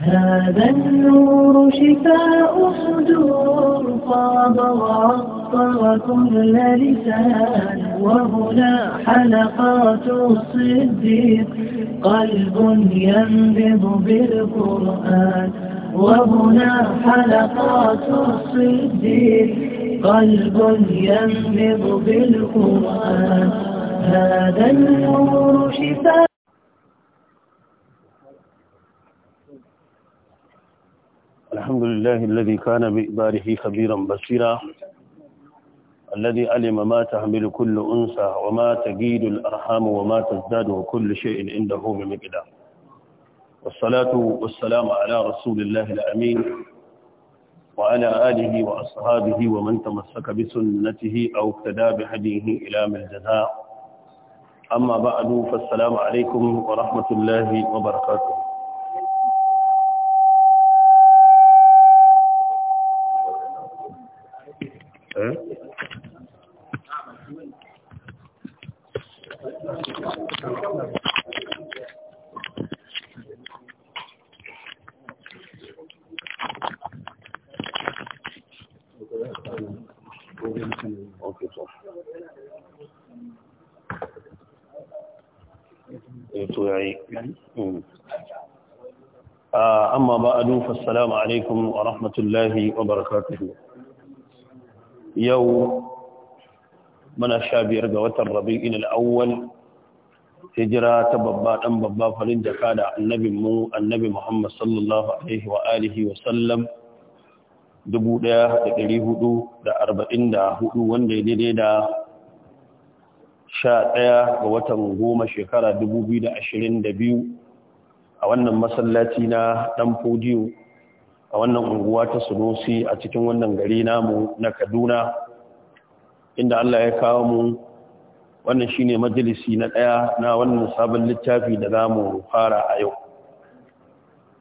هذا النور شفاء صدور فاض وعطر كل لسان وهنا حلقات الصديق قلب ينبض بالقرآن وهنا حلقات الصديق قلب ينبض بالقرآن هذا النور شفاء الحمد لله الذي كان بإباره خبيرا بصيرا الذي علم ما تحمل كل أنثى وما تجيد الأرحام وما تزداد كل شيء عنده بمقدار والصلاة والسلام على رسول الله الأمين وعلى آله وأصحابه ومن تمسك بسنته أو اقتدى بهديه إلى من الجزاء أما بعد فالسلام عليكم ورحمة الله وبركاته السلام عليكم ورحمة الله وبركاته يوم من الشابير قوات الربيع الأول هجرة تببا تنببا فلن جكاد النبي مو النبي محمد صلى الله عليه وآله وسلم دبو دا دقلي هدو دا أربعين دا هدو وان دي دي دا شاء دا قوات غوما شكرا دبو بي دا عشرين دبيو a wannan masallaci na ɗan fodiyo a wannan unguwa ta sunusi a cikin wannan gari namu na kaduna inda allah ya kawo mu wannan shine majalisi na ɗaya na wannan sabon littafi da za mu fara a yau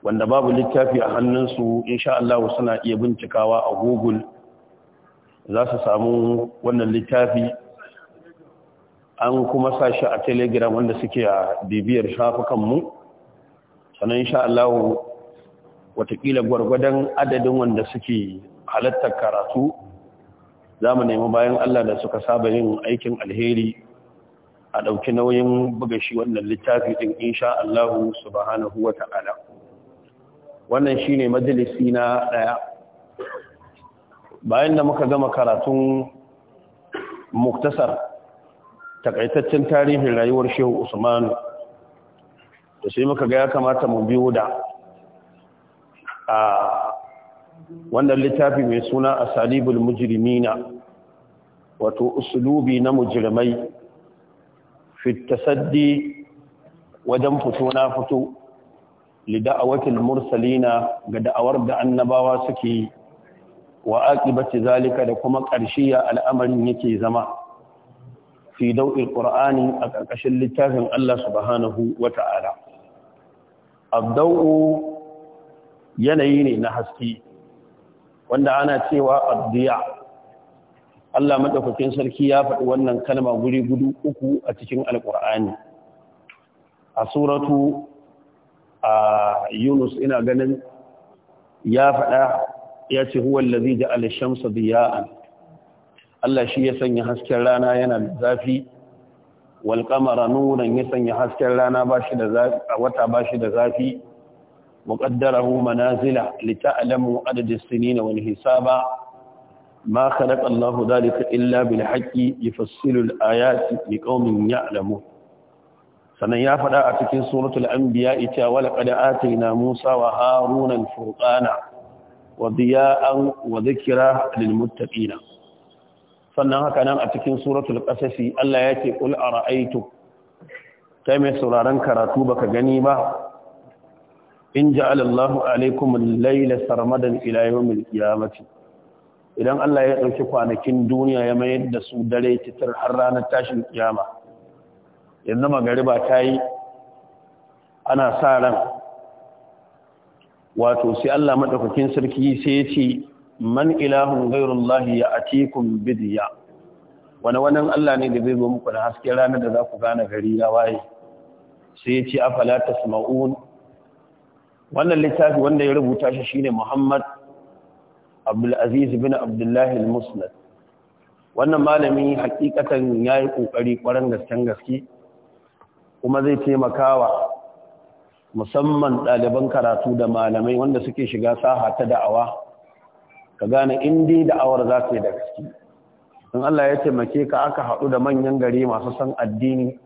wanda babu littafi a hannunsu insha Allah suna iya bincikawa a google za su samu wannan littafi an kuma sa shi a telegram wanda suke a bibiyar shafukanmu sannan insha Allah watakila gwargwadon adadin wanda suke halatta karatu za mu nemi bayan Allah da suka saba yin aikin alheri a ɗauki nauyin buga shi wannan littafi ɗin insha Allahu subhanahu wa ta'ala wannan shi ne majalisi na ɗaya bayan da muka gama karatun muktasar takaitaccen tarihin rayuwar shehu usmanu da sai muka ga ya kamata mu biyo da a wannan littafi mai suna asalibul mujrimina wato usulubi na mujirmai fitasaddi wajen fito na fito li da'awatil mursalina ga da'awar da annabawa suke yi wa aqibati zalika da kuma ƙarshiya al'amarin yake zama fi dau'in qur'ani a ƙarƙashin littafin Allah subhanahu wata'ala abdau yanayi ne na haske wanda ana cewa addiya Allah madaukakin sarki ya faɗi wannan kalma guri gudu uku a cikin alkur'ani a suratu a Yunus ina ganin ya faɗa ya ce huwa allazi ja'ala shamsa diya'an Allah shi ya sanya hasken rana yana da zafi wal qamara nuran ya sanya hasken rana bashi da zafi wata bashi da zafi وقدره منازل لتعلموا عدد السنين والحساب ما خلق الله ذلك إلا بالحق يفصل الآيات لقوم يعلمون sannan ya faɗa a cikin suratul anbiya ita wala qad atayna Musa wa Harun al-furqana wa diya'an wa dhikra lil muttaqin sannan haka nan a cikin suratul qasas Allah yake qul ara'aytu kai mai sauraron karatu baka gani ba in ja'ala Allahu alaikum al-laila sarmadan ila yawmil idan Allah ya ɗauki kwanakin duniya ya mayar da su dare titir har ranar tashin kiyama yanzu magariba ta yi ana sa ran wato sai Allah maɗaukakin sarki sai ya ce man ilahun ghayrullahi ya'tikum bidiya wani wannan Allah ne da zai zo muku da hasken ranar da za ku gane gari ya waye sai ya ce afala tasma'un wannan littafi wanda ya rubuta shi shine Muhammad Abdulaziz bin Abdullah al-Musnad wannan malami hakikatan yayi kokari kwaran gasken gaske kuma zai taimakawa musamman ɗaliban karatu da malamai wanda suke shiga saha ta da'awa ka gane indi da'awar za ta yi da gaske in Allah ya taimake ka aka haɗu da manyan gari masu san addini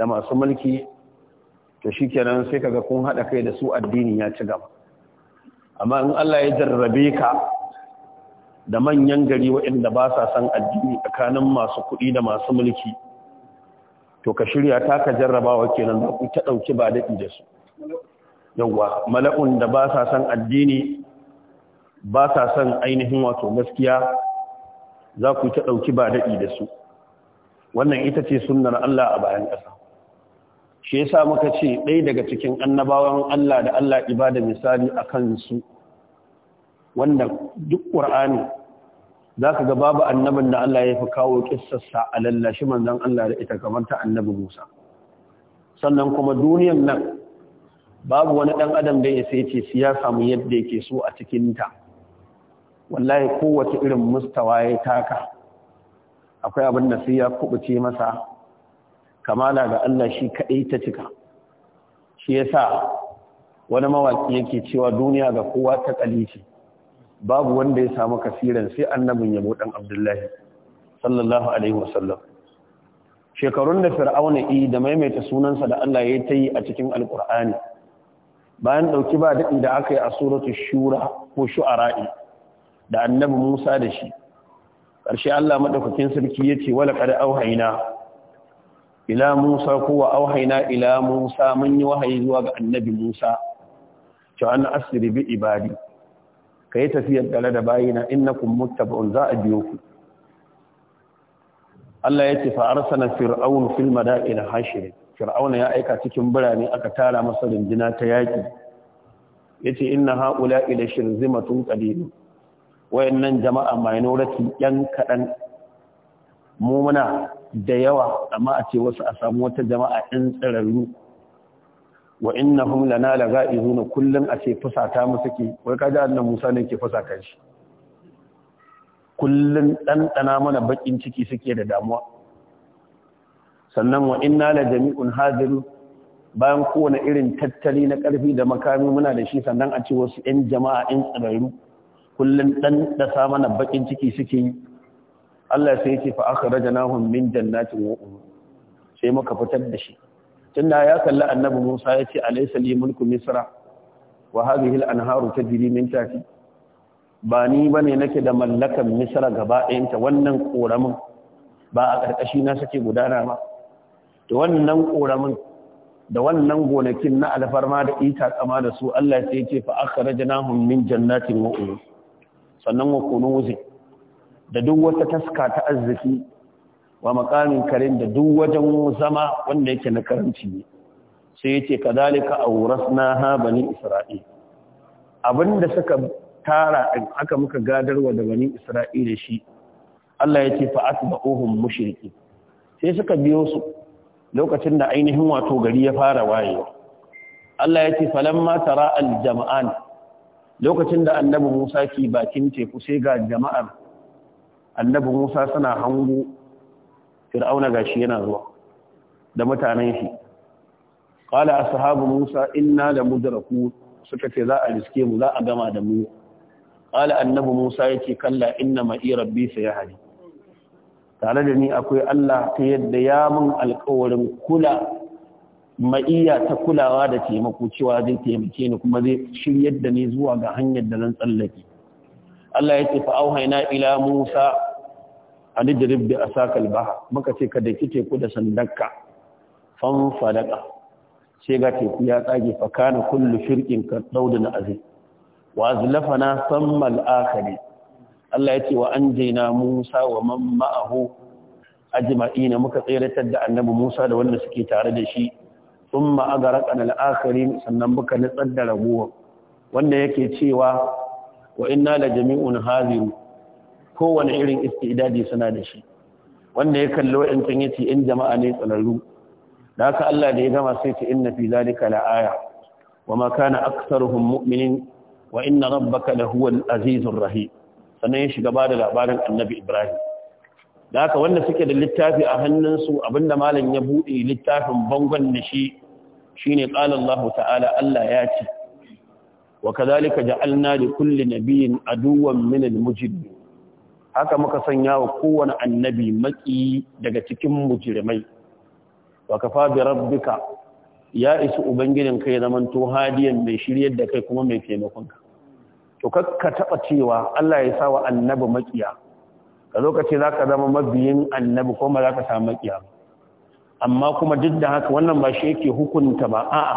da masu mulki to shi kenan sai kaga kun haɗa kai da su addini ya ci gaba amma in Allah ya jarrabe ka da manyan gari waɗanda ba sa san addini tsakanin masu kuɗi da masu mulki to ka shirya ta ka jarrabawa kenan da ku ta ɗauki ba daɗi da su yawwa mala'un da ba sa san addini ba sa san ainihin wato gaskiya za ku ta ɗauki ba daɗi da su wannan ita ce sunnar Allah a bayan ƙasa shi yasa muka ce ɗaya daga cikin annabawan Allah da Allah ibada misali a kansu wanda duk ƙur'ani za ka ga babu annabin da Allah ya fi kawo ƙissarsa a lallashi manzan Allah da ita kamar ta annabi Musa sannan kuma duniyan nan babu wani ɗan adam da ya sai ce ya samu yadda yake so a cikin ta wallahi kowace irin mustawa ya taka akwai abin da sai ya kubuce masa kamala ga Allah shi kaɗai ta cika shi ya sa wani mawaƙi yake cewa duniya ga kowa ta ƙalici babu wanda ya samu kasiran sai annabin yabo ɗan abdullahi sallallahu alaihi wasallam shekarun da fir'auna yi da maimaita sunansa da Allah ya ta yi a cikin alƙur'ani bayan ɗauki ba daɗi da aka yi a suratu shura ko shu'ara'i da annabi musa da shi ƙarshe Allah maɗaukakin sarki ya ce wala ƙada auhaina ila Musa kuwa auhaina ila Musa mun yi wahayi zuwa ga annabi Musa To an asiri bi ibadi kai tafiyar gale da bayina innakum muttaba'un za a biyo ku Allah ya ce fa arsala fir'aun fil mada'in hashir fir'auna ya aika cikin birane aka tara masa rinjina ta yaki yace inna haula ila shirzimatun qalil wayannan jama'a minority yan kadan mu muna da yawa amma a ce wasu a samu wata jama'a ɗin tsirarru wa innahum lana laga'izuna kullum a ce fusata musu ke wai ji annan Musa ne ke fusata shi Kullum ɗanɗana mana bakin ciki suke da damuwa sannan wa inna da jami'un hadiru bayan kowane irin tattali na karfi da makami muna da shi sannan a ce wasu yan jama'a yan tsirarru Kullum dan dasa mana bakin ciki suke yi Allah sai ya ce fa aka raja akhrajnahum min jannatin wa sai muka fitar da shi tunda ya kalli annabi Musa ya ce alaysa li mulku misra wa hadhihi al-anharu tajri min tahti ba ni bane nake da mallakan misra gaba ɗayanta wannan koramin ba a ƙarƙashi na sake gudana ba to wannan koramin da wannan gonakin na alfarma da ita kama da su Allah sai ya ce fa aka raja akhrajnahum min jannatin wa sannan wa kunuzin da duk wata taska ta arziki wa makamin karin da duk wajen zama wanda yake na karanci ne sai yace kadalika awrasna ha bani isra'il abinda suka tara din aka muka gadarwa da bani isra'il shi Allah yace fa asbahuhum mushriki sai suka biyo su lokacin da ainihin wato gari ya fara wayewa Allah yace falamma tara aljama'an lokacin da annabi Musa ke bakin teku sai ga jama'ar annabi Musa suna hango Fir'auna gashi yana zuwa da mutanen shi qala ashabu Musa inna la mudraku suka ce za a riske mu za a gama da mu qala annabi Musa yake kalla inna ma rabbi sayahdi tare da ni akwai Allah ta yadda ya mun alƙawarin kula ma'iya ta kulawa da taimako cewa zai taimake ni kuma zai shiryar da ni zuwa ga hanyar da zan tsallake Allah ya ce fa auhayna ila Musa an idrib bi asakal baha muka ce ka daki teku da sandanka fan fadaka sai ga teku ya tsage fa kana kullu shirkin ka daudun azim wa azlafana samma al Allah ya ce wa anjayna Musa wa man ma'ahu ajma'ina muka tsiratar da annabi Musa da wanda suke tare da shi thumma agarqana al la'akari sannan muka nutsar da ragowa wanda yake cewa wa inna la jami'un Hadiru, kowane irin istidadi suna da shi wanda ya kalli wa'ancan yace in jama'a ne tsararru da haka Allah da ya gama sai ta inna fi zalika la'aya wa ma kana aktsaruhum mu'minin wa inna rabbaka lahuwal azizur rahim sannan ya shiga ba da labarin annabi Ibrahim da haka wanda suke da littafi a hannunsu abinda malam ya buɗe littafin bangon da shi shine qala Allah ta'ala Allah ya ce wa kadhalika ja'alna li kulli nabiyyin aduwwan haka muka sanya wa kowane annabi maki daga cikin mujrimai wa kafa bi rabbika ya isu ubangijin kai zaman to hadiyan mai shiryar da kai kuma mai taimakon ka to kakka taba cewa Allah ya sa wa annabi makiya ka zo ka ce zaka zama mabiyin annabi kuma zaka samu makiya amma kuma duk da haka wannan ba shi yake hukunta ba a'a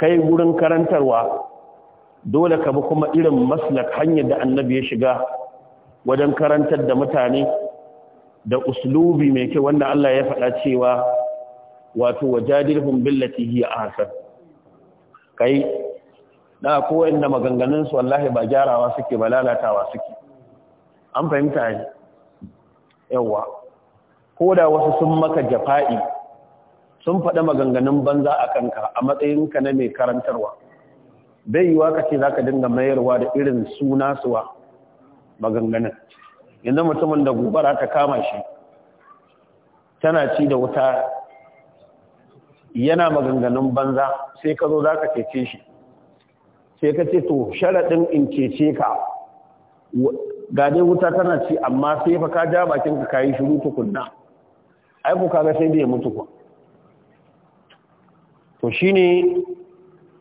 kai gurin karantarwa dole ka bi kuma irin maslak hanyar da annabi ya shiga wajen karantar da mutane da uslubi mai kyau wanda Allah ya faɗa cewa wato wajadilhum billati hi ahsan kai da ko inda maganganun su wallahi ba gyarawa suke ba lalatawa suke an fahimta ne yawa ko da wasu sun maka jafa'i sun faɗa maganganun banza a kanka a matsayinka na mai karantarwa bai yiwa ka ce zaka dinga mayarwa da irin suna suwa maganganun yanzu mutumin da gubara ta kama shi tana ci da wuta yana maganganun banza sai ka zo zaka cece shi sai ka ce to sharaɗin in cece ka ga dai wuta tana ci amma sai fa ka ja bakin ka kayi shiru tukunna ai kaga sai da ya mutu ko to shine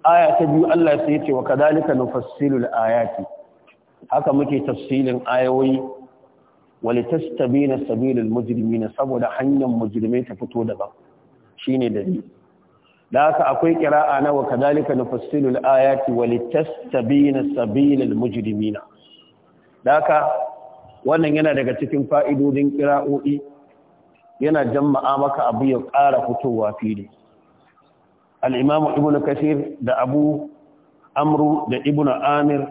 aya ta biyu Allah sai ya ce wa kadalika nufassilu al-ayati haka muke tafsilin ayoyi walitastabina sabilul mujrimina saboda hanyar mujrimai ta fito daban shine ni. da haka akwai qira'a na wa nufassilu nufassilul ayati walitastabina sabilul mujrimina da haka wannan yana daga cikin fa'idodin qira'o'i yana jama'a maka abu ya ƙara fitowa fili al'imamu ibn kasir da abu amru da ibn amir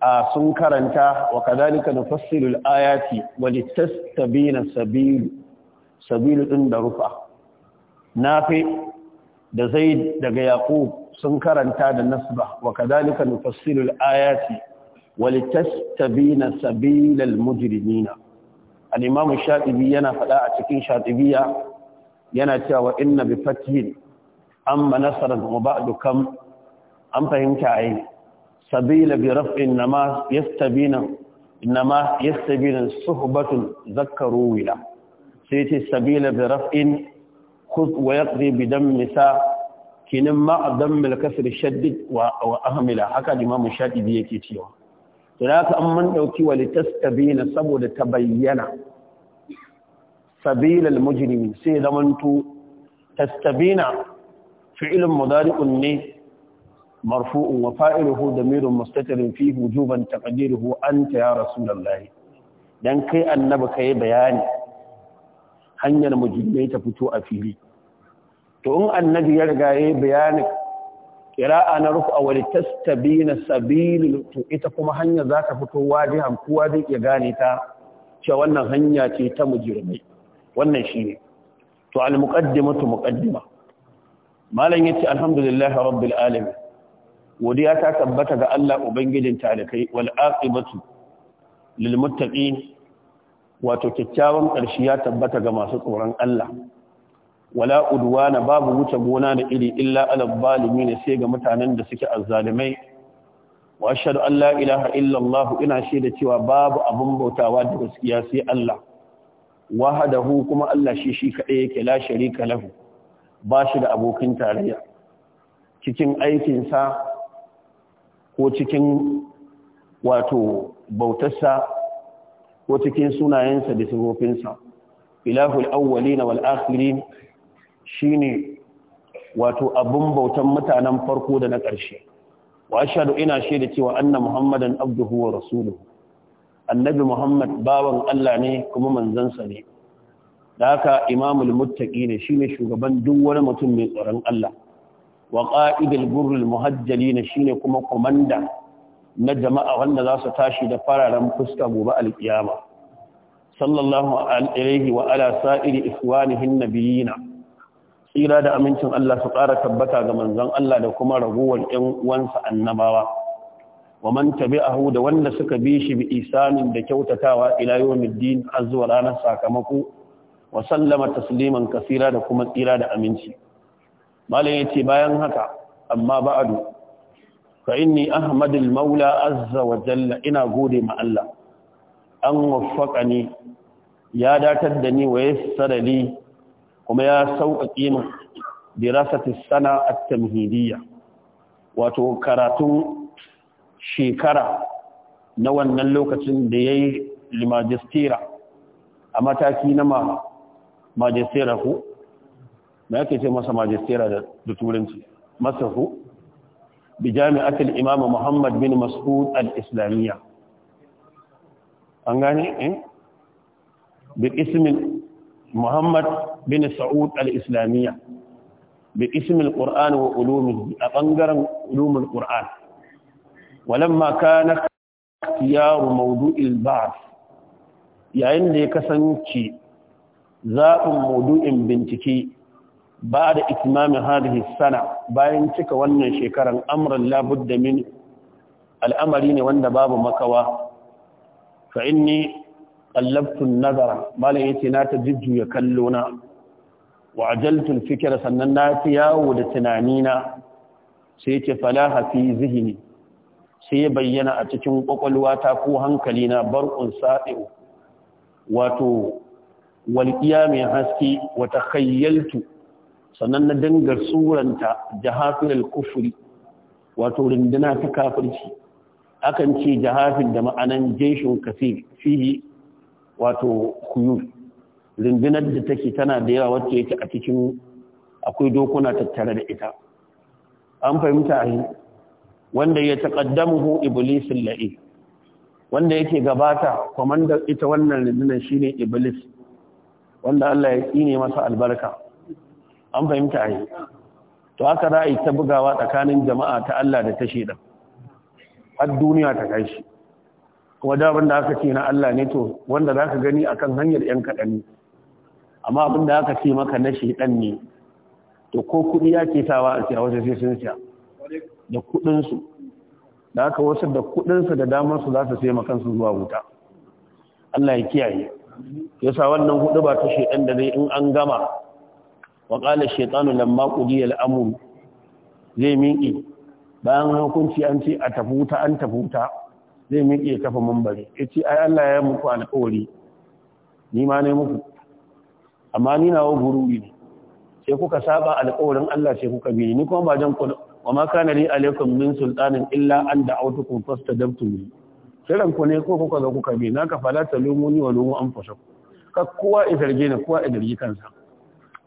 a sun karanta wa kazalika da fassilul ayati wani tastabina sabilu sabilu ɗin da rufa nafi da zai daga yaqub sun karanta da nasba wa kazalika nufassilul ayati walitastabina sabilal mujrimina al-imam shatibi yana faɗa a cikin shatibiya yana cewa inna bi fatihin. amma nasaran wa ba'du dukkan an fahimta ai sabila bi raf'in nama yastabina inma yastabina suhbatun zakkaru wila sai ce sabila bi raf'in khudh wa yaqdi bi dammi sa kinin ma dammil kasr shaddid wa ahmila haka imam shadibi yake cewa to da an mun ɗauki wa litastabina saboda ta bayyana sabila mujirimi sai zamantu tastabina fi'ilun mudari'un ne marfu'un wa fa'iluhu damirun mustatirin fi hujuban taqdiruhu anta ya rasulullahi dan kai annabi kai bayani hanyar mujibbai ta fito a fili to in annabi ya riga yayi bayani qira'a na ruku awali tastabina sabilul to ita kuma hanya zaka fito wajihan kowa zai iya gane ta cewa wannan hanya ce ta mujallai, wannan shine to al muqaddimatu muqaddima malam ya ce alhamdulillah rabbil alamin godiya ta tabbata ga Allah ubangijin talikai wal aqibatu lil muttaqin wato kyakkyawan ƙarshe ya tabbata ga masu tsoron Allah wala udwana babu wuce gona da iri illa alal zalimin sai ga mutanen da suke azzalimai wa ashhadu an la ilaha illa Allah ina shaida cewa babu abun bautawa da gaskiya sai Allah wahadahu kuma Allah shi shi kadai yake la sharika lahu ba shi da abokin tarayya cikin aikinsa ko cikin wato bautarsa ko cikin sunayensa da sifofinsa ilahul na wal shi ne wato abun bautan mutanen farko da na ƙarshe wa ashhadu ina shaida cewa Annan muhammadan abduhu wa rasuluhu annabi muhammad bawan Allah ne kuma manzansa ne da haka imamul muttaki ne shine shugaban duk wani mutum mai tsoron Allah wa qa'idul gurrul shine kuma komanda na jama'a wanda za su tashi da fararen fuska gobe alkiyama sallallahu alaihi wa ala sa'iri hinna nabiyina tsira da amincin Allah su ƙara tabbata ga manzon Allah da kuma ragowar 'yan uwansa annabawa wa man tabi'ahu da wanda suka bi shi bi isanin da kyautatawa ila yawmiddin zuwa ranar sakamako wa sallama tasliman kasira da kuma tsira da aminci malam yace bayan haka amma ba'adu fa inni ahmadul maula azza wa jalla ina gode ma Allah an waffaqani ya datar da ni wa yassara li kuma ya sauƙaƙe min dirasati sana at-tamhidiyya wato karatun shekara na wannan lokacin da yayi limajistira a mataki na mama majistera ku da ake ce masa majistera da turanci masa ku bi jami'atul imam muhammad bin mas'ud al-islamiyya an gane eh bi ismin muhammad bin sa'ud al-islamiyya bi al qur'an wa ulumihi a bangaren ulumul qur'an walamma kana ikhtiyaru mawdu'il ba'th yayin da ya kasance zaɓin mudu'in bincike ba da itimamin hadhihi sana bayan cika wannan shekaran amran da min al'amari ne wanda babu makawa fa in ni, an-nazara ya ce na ta jujjuya kallo na wa ajaltu al sannan na fi yawo da tunani na sai yace falaha fi zihni sai ya bayyana a cikin kwakwalwata ko hankali na bar'un sa'i'u wato walƙiya mai haske wata khayyaltu sannan na dangar suranta jahafin kufuri wato rinduna ta kafirci akan ce jahafin da ma'anan jeshin kafi fihi wato kuyur rundunar da take tana da yawa wacce yake a cikin akwai dokuna tattare da ita an fahimta a wanda ya taƙaddamu iblisin la'i wanda yake gabata kwamandar ita wannan rundunar shine iblis wanda Allah ya tsine masa albarka an fahimta a to haka za a yi ta bugawa tsakanin jama'a ta Allah da ta sheda. har duniya ta kai shi kuma da abin da aka ce na Allah ne to wanda za ka gani akan hanyar ‘yan kaɗan ne amma abin da aka ce maka na shaidan ne to ko kuɗi ya ke sawa a siya wasu sai sun siya da kuɗinsu da aka wasu da kuɗinsu da damarsu za su sai makansu zuwa wuta Allah ya kiyaye yasa wannan hudu ba ta shedan da zai in an gama wa qala shaytanu lamma qudiya al-amr zai miƙe bayan hukunci an ce a tafuta an tafuta zai miƙe kafa mambare yace ai Allah ya muku alƙawari ni ma ne muku amma ni nawo gurubi ne sai kuka saba alƙawarin Allah sai kuka bi ni kuma ba jan ku wa ma kana li alaikum min sultanin illa an da'awtukum fastadabtum kiran ku ne ko kuka zo kuka bi na ka fala ta lumu ni wa lumu an fasa ka kowa ya zarge ni kowa ya zargi kansa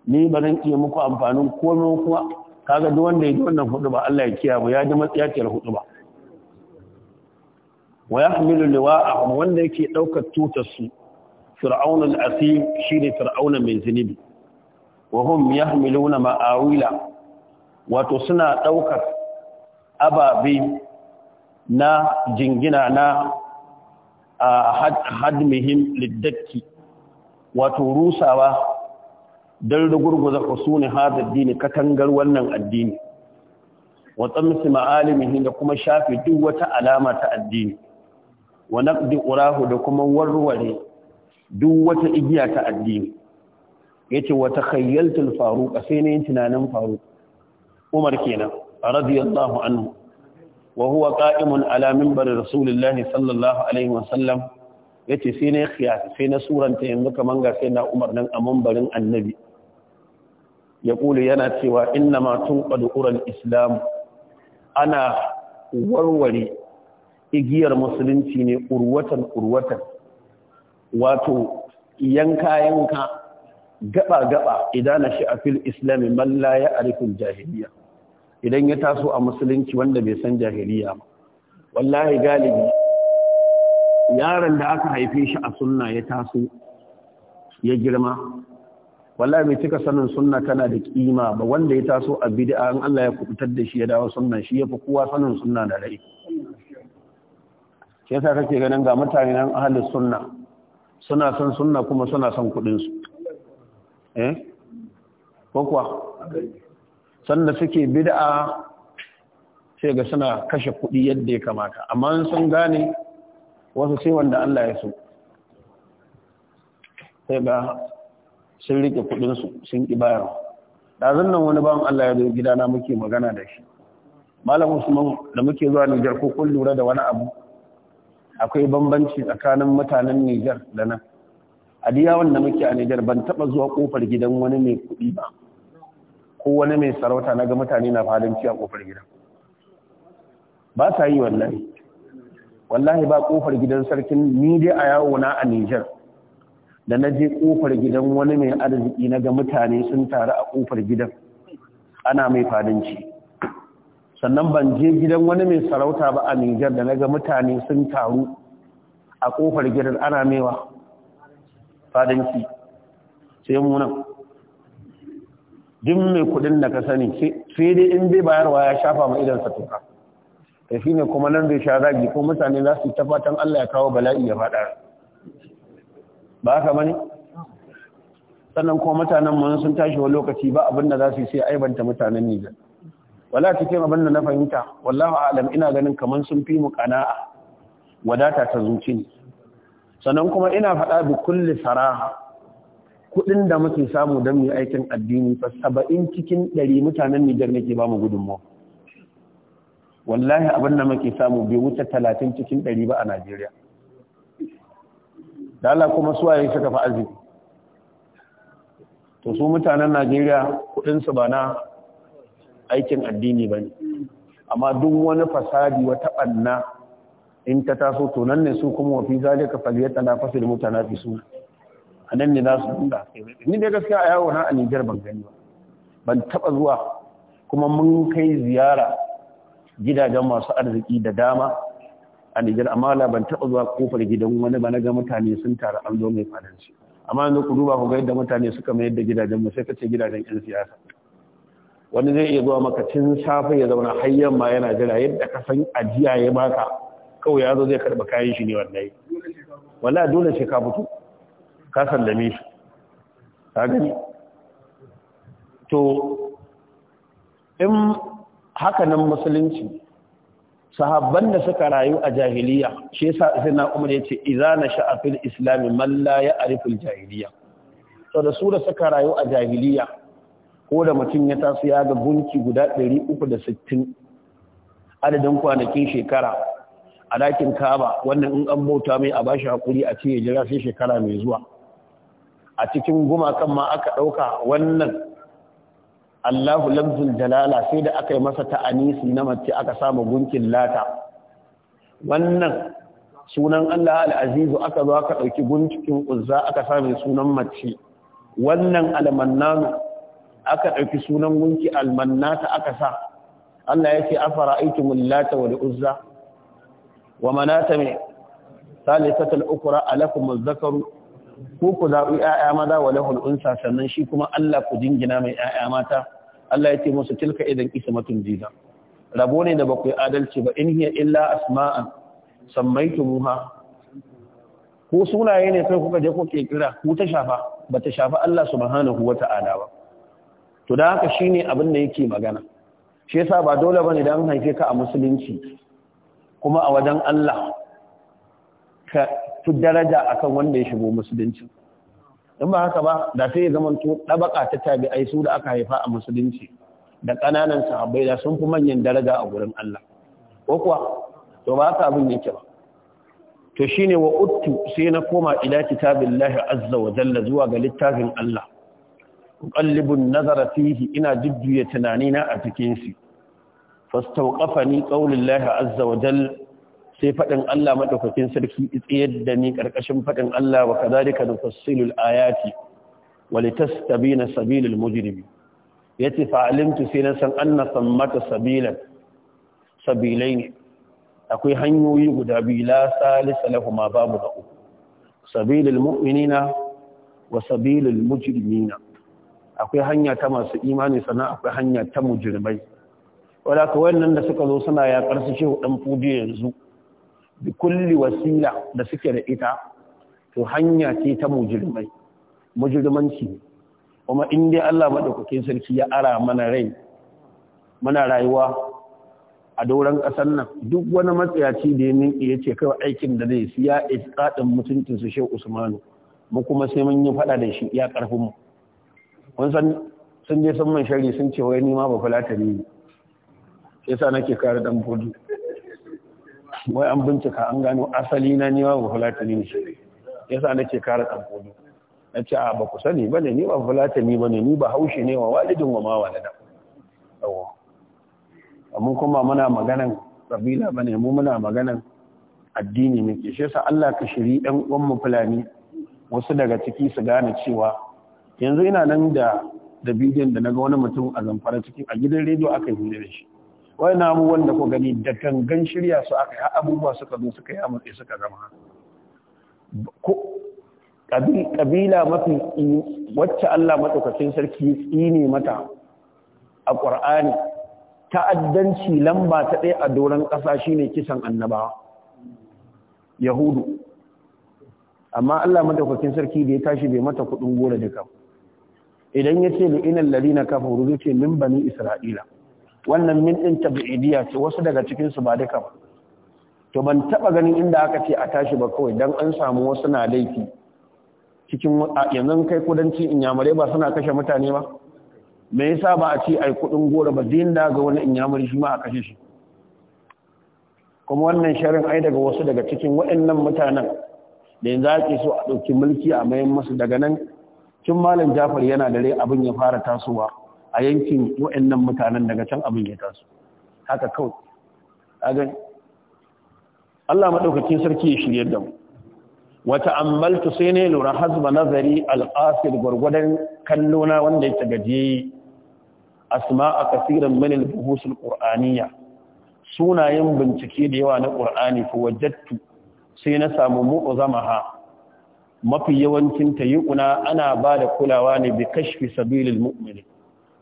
ni ba zan iya muku amfanin komai kuwa kaga duk wanda ya ji wannan hudu ba Allah ya mu ya ji hudu ba wa yahmilu wanda yake ɗaukar tutar su fir'auna al-asim shine fir'aun mai zinibi. wa hum yahmiluna ma'awila wato suna ɗaukar ababe na jingina na hadmihim liddakki wato rusawa don rugurguza kusuni hada katangar wannan addini watsa musu da kuma shafe duk wata alama ta addini wa naqdi urahu da kuma warware duk wata igiya ta addini yace ce wata al-faruq sai ne tunanin faru Umar kenan radiyallahu anhu وهو قائم على منبر رسول الله صلى الله عليه وسلم yace sai ne khiyas sai na suranta yanzu kaman ga sai na Umar a mambarin Annabi ya kula yana cewa innama ma tunqad islam ana warware igiyar musulunci ne urwatan urwatan wato yanka yanka gaba gaba idan shi a fil islam man la ya'rifu jahiliya idan ya taso a musulunci wanda bai san jahiliya ba wallahi galibi yaron da aka haife shi a sunna ya taso ya girma wallahi mai cika sanin sunna tana da kima ba wanda ya taso a bid'a an Allah ya kubutar da shi ya dawo sunna shi yafi kowa sanin sunna da rai shi yasa kake ganin ga mutane nan ahlus sunna suna son sunna kuma suna son kudin su eh ko sannan suke bid'a sai ga suna kashe kuɗi yadda ya kamata amma sun gane wasu sai wanda Allah ya so sai ga sun rike kuɗinsu sun ƙi bayar ɗazun nan wani bawan Allah ya zo gidana muke magana da shi malam usman da muke zuwa nijar ko kun lura da wani abu akwai bambanci tsakanin mutanen nijar da nan a diyawan da muke a nijar ban taɓa zuwa ƙofar gidan wani mai kuɗi ba ko wani mai sarauta na ga mutane na fadanci a kofar gida ba sa yi wallahi wallahi ba kofar gidan sarkin ni dai a yawo na a Nijar da na je kofar gidan wani mai arziki na ga mutane sun taru a kofar gidan ana mai ci sannan ban je gidan wani mai sarauta ba a Nijar da na ga mutane sun taru a kofar gidan ana mai wa fadin ci sai mu nan duk mai kudin da ka sani sai dai in bai bayarwa ya shafa ma idansa toka shi ne kuma nan zai sha zagi ko mutane za su yi Allah ya kawo bala'i ya faɗa ba haka bane sannan kuma mutanen mu sun tashi wani lokaci ba abin da za su yi sai aibanta mutanen da wala cikin abin da na fahimta wallahi alam ina ganin kaman sun fi mu kana'a wadata ta zuci ne sannan kuma ina faɗa bi kulli saraha kuɗin da muke samu don mu aikin addini fa saba'in cikin ɗari mutanen Nijar nake ba mu gudunmawa. Wallahi abin da muke samu bai wuce talatin cikin ɗari ba a Najeriya. Da Allah kuma suwaye suka fi arziki. To su mutanen Najeriya kuɗinsu ba na aikin addini ba ne. Amma duk wani fasadi wata ɓanna in ta taso to nan ne su kuma wafi zalika faliyata na fasil mutana fi suna. a nan ne za su dinga ni dai gaskiya a yawo a Nijar ban gani ba ban taba zuwa kuma mun kai ziyara gidajen masu arziki da dama a Nijar amma ban taba zuwa kofar gidan wani ba na ga mutane sun taru an zo mai fadanci amma yanzu ku duba ku ga yadda mutane suka mayar da gidajen mu sai ka ce gidajen yan siyasa wani zai iya zuwa maka cin safe ya zauna har yamma yana jira yadda ka san ajiya ya baka kawai ya zo zai karba kayan shi ne wallahi wallahi dole sai ka fito ka sallame shi ka gani to in hakanan musulunci sahabban da suka rayu a jahiliya shi yasa sai na umar yace idza nasha fil islam man la ya'rifu al jahiliya to da su da suka rayu a jahiliya ko da mutum ya taso ya ga gunki guda 360 adadin kwanakin shekara a dakin kaba wannan in an bauta mai a bashi hakuri a ce ya jira sai shekara mai zuwa a cikin gumakan ma aka ɗauka wannan Allahu lamzul jalala sai da aka yi masa ta'anisi na mace aka samu gunkin lata wannan sunan Allah al'azizu aka zo aka ɗauki gunkin uzza aka sami sunan mace wannan almannanu aka ɗauki sunan gunki almannata aka sa Allah ya ce a afara aiki mullata wa uzza wa manata mai salisatul ukura alakumuz zakaru Ku ku zaɓi ‘ya'ya maza wa lahul unsa sannan shi kuma Allah ku jingina mai ‘ya'ya mata Allah ya ce musu tilka idan ismatun jiza rabo ne da ba ku yi adalci ba in hiya illa asma'an sammaitumuha Ku sunaye ne kai kuka je ke kira ku ta shafa ta shafa Allah subhanahu wata'ala ba to dan haka shine abin da yake magana shi yasa ba dole bane dan haife ka a musulunci kuma a wajen Allah ka fi daraja akan wanda ya shigo musulunci in ba haka ba da sai ya zama to ta tabi'ai su da aka haifa a musulunci da ƙananan sahabbai da sun fi manyan daraja a gurin Allah ko kuwa to ba haka abin yake ba to shine wa uttu sai na koma ila kitabillahi azza wa jalla zuwa ga littafin Allah qallibun nazara fihi ina jujjuya na a cikin shi fastawqafani qaulillahi azza wa jalla sai faɗin Allah maɗaukakin sarki tsayar da ni ƙarƙashin faɗin Allah wa kazalika nufassilu al-ayati wa litastabina sabilul mujrimi yace fa alimtu sai na san anna mata sabilan ne. akwai hanyoyi guda biyu la salisa ma babu da uku sabilul mu'minina wa sabilul mujrimina akwai hanya ta masu imani sannan akwai hanya ta mujirimai wala ka wannan da suka zo suna yaƙar su shehu dan fudi yanzu bi kulli wasila da suke da ita to hanya ce ta mujirmai mujirmanci kuma in dai Allah madaukakin sarki ya ara mana rai muna rayuwa a dauran ƙasar nan duk wani matsayaci da ya ninki ya ce kawai aikin da zai siya iskaɗin mutuncin su shehu usmanu mu kuma sai mun yi faɗa da shi ya ƙarfin mu kun san sun je sun man shari sun ce wai ni ma ba fulata ne sai sa nake kare dan fudu wai an bincika an gano asali na niwa ba fulatani ne yasa nake kare tsankodo na ce a ba ku sani ba ne niwa fulatani ba ne ni ba haushi ne wa walidin wa ma da yawa amma kuma muna maganan kabila ba ne mu muna maganan addini ne ke shi Allah ka shiri ɗan uwan mu fulani wasu daga ciki su gane cewa yanzu ina nan da da bidiyon da naga wani mutum a zamfara cikin a gidan rediyo aka yi da shi na abubuwan wanda ku gani da gangan shirya su aka yi abubuwa suka zo suka yi amurka suka zama ƙabila mafi wacce Allah maɗaukacin sarki ne mata a ƙwar'ani ta'addanci lamba ta ɗaya a doron ƙasa shine kisan annabawa yahudu amma Allah maɗaukacin sarki da ya tashi bai mata kuɗin gora duka idan ya ce da ina lari na kafa wuri ce min bani isra'ila wannan min din tabi'idiyya ce wasu daga cikinsu ba duka ba to ban taba ganin inda aka ce a tashi ba kawai dan an samu wasu na laifi cikin yanzu kai kudanci inyamurai ba suna kashe mutane ba me yasa ba a ce ai kudin gora ba din da ga wani inyamuri shi ma a kashe shi kuma wannan sharin ai daga wasu daga cikin waɗannan mutanen da yanzu ake so a ɗauki mulki a mayan masu daga nan cin malam jafar yana da rai abin ya fara tasowa a yankin wa'annan mutanen daga can abin ya taso haka kawai agan Allah madaukakin sarki ya shirye da mu wata ammaltu sai ne lura hasba nazari alqasir gurgudan kallona wanda ya tagaje asma'a kaseeran min al-buhus al-qur'aniyya sunayen bincike da yawa na qur'ani fa wajadtu sai na samu mu'uzamaha. mafi yawancin tayuna ana ba da kulawa ne bi kashfi sabilil mu'minin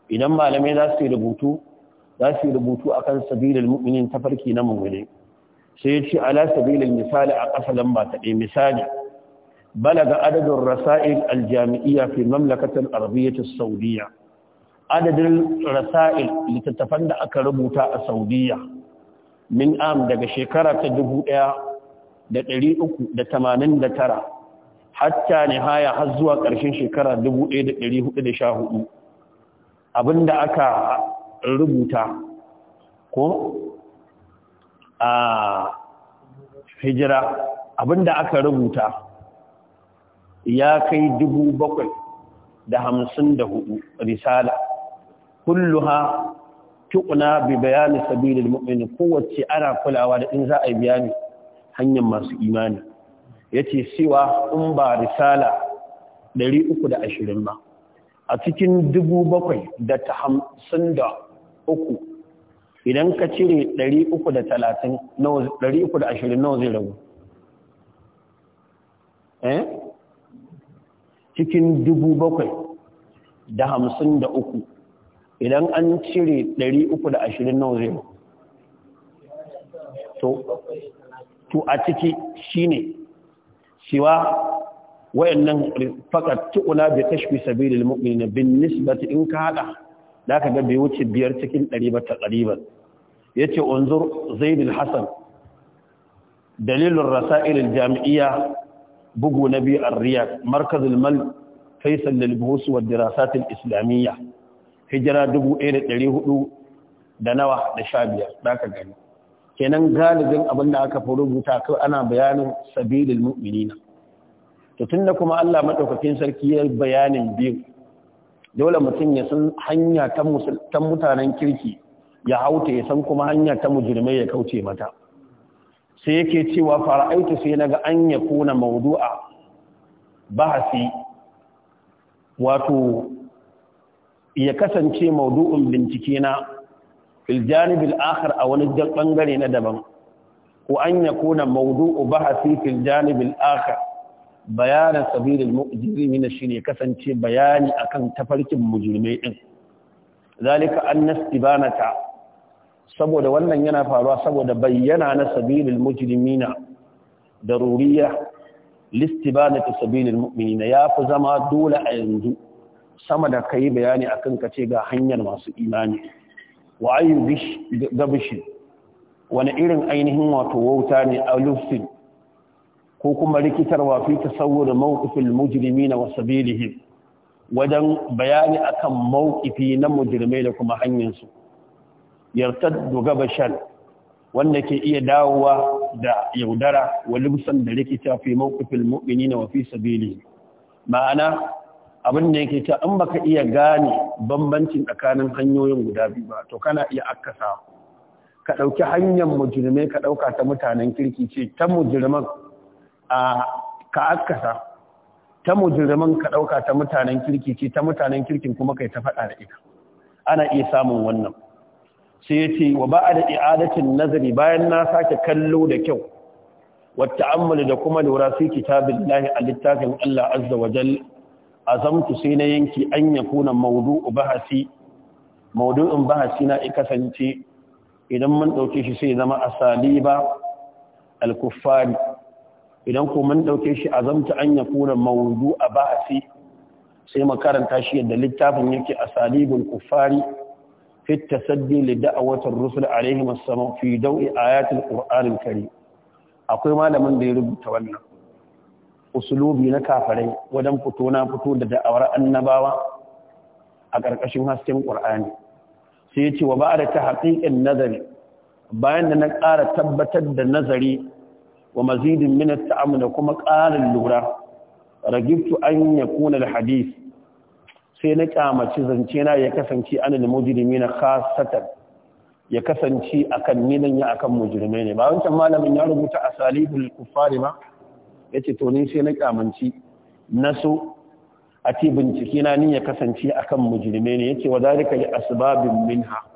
idan malamai za su yi rubutu za su yi rubutu akan sabilil mu'minin tafarki na mu'mini sai ya ce ala sabilin misali a ƙasa lamba ta ɗaya misali balaga adadin rasa'il aljami'iyya fi mamlakatar arabiyyatar saudiya adadin rasa'il littattafan da aka rubuta a saudiya min am daga shekara ta dubu ɗaya da ɗari uku da tamanin da tara hatta nihaya har zuwa ƙarshen shekara dubu ɗaya da ɗari hudu da sha hudu abinda aka rubuta ko a hijira abinda aka rubuta ya kai dubu bakwai da hamsin da hudu risala kulluha tukuna bi bayani da mu'min kowace ana kulawa da in za a yi bayani hanyar masu imani ya ce cewa in ba risala 320 ba a cikin dubu bakwai da ta hamsin da uku idan ka cire ɗari uku da talatin ɗari uku da ashirin nawa zai ragu eh cikin dubu bakwai da hamsin da uku idan an cire ɗari uku da ashirin nawa zai ragu to a ciki shine shiwa wayannan faqat tu'la bi kashfi sabilil mu'minina bin nisbati in ka hada zaka ga bai wuce biyar cikin dari ba taqriban yace unzur zaid al-hasan dalilur rasail al-jami'iyya bugu nabi ar-riyad markaz al-mal faisal lil-buhus wa dirasat al-islamiyya hijira 1400 da nawa da da zaka gani kenan galibin abin da aka fi rubuta kai ana bayanin sabilil mu'minina to tunda kuma Allah madaukakin sarki ya bayanin biyu dole mutum ya san hanya ta mutanen kirki ya hauta ya san kuma hanya ta mujrimai ya kauce mata sai yake cewa fara'aitu sai naga an ya kuna mawdu'a bahasi wato ya kasance mawdu'un bincike na fil janib al a wani bangare na daban ko an ya kuna mawdu'u bahasi fil janib bayanin sabirin mujrimi na shine kasance bayani akan tafarkin mujrimai din zalika annas ibanata saboda wannan yana faruwa saboda bayyana na sabirin mujrimina daruriya listibanata sabilin ya yafi zama dole a yanzu sama da yi bayani akan kace ga hanyar masu imani wa ayyu gabishi wani irin ainihin wato wauta ne a lufin ko kuma rikitarwa fi tasawwur mawqifil mujrimina wa sabilihim wajen bayani akan mawukifi na mujrimai da kuma hanyar su doga gabashan wanda ke iya dawowa da yaudara wa libsan da rikita fi mawqifil mu'minina wa fi sabilihim ma'ana abin da yake ta an baka iya gane bambancin tsakanin hanyoyin guda biyu ba to kana iya akasa ka ɗauki hanyar mujirme ka ɗauka ta mutanen kirki ce ta mujirman a ka askasa ta mujirman ka ɗauka ta mutanen kirki ce ta mutanen kirkin kuma kai ta faɗa da ita ana iya samun wannan sai ya ce wa ba a da i'adatin nazari bayan na sake kallo da kyau wata ammali da kuma lura fi kitabin lahi a littafin Allah azza wa jal azamtu sai na yanki an ya kuna maudu'u bahasi bahasi na i kasance idan mun ɗauke shi sai zama asaliba alkufari idan ko mun ɗauke shi azamta an ya kura mawudu a ba'asi sai makaranta shi yadda littafin yake a salibin kuffari fi tasaddi li watan rusul alaihim wassalam fi dau'i ayatil qur'anil karim akwai malamin da ya rubuta wannan usulubi na kafarai wajen fito na fito da da'awar annabawa a ƙarƙashin hasken ƙur'ani sai ya ce wa ba'ada ta haƙiƙin nazari bayan da na ƙara tabbatar da nazari wa mazidin min at-ta'ammul kuma qalan lura ragibtu an kuna al-hadith sai na kyamaci zance na ya kasance anil mujrimina khassatan ya kasance akan ninan ya akan mujrimai ne ba wancan malamin ya rubuta asalibul kuffari ba yace to ni sai na kyamanci nasu. a ce bincike na ni ya kasance akan mujrimai ne yace wa zalika li asbabin minha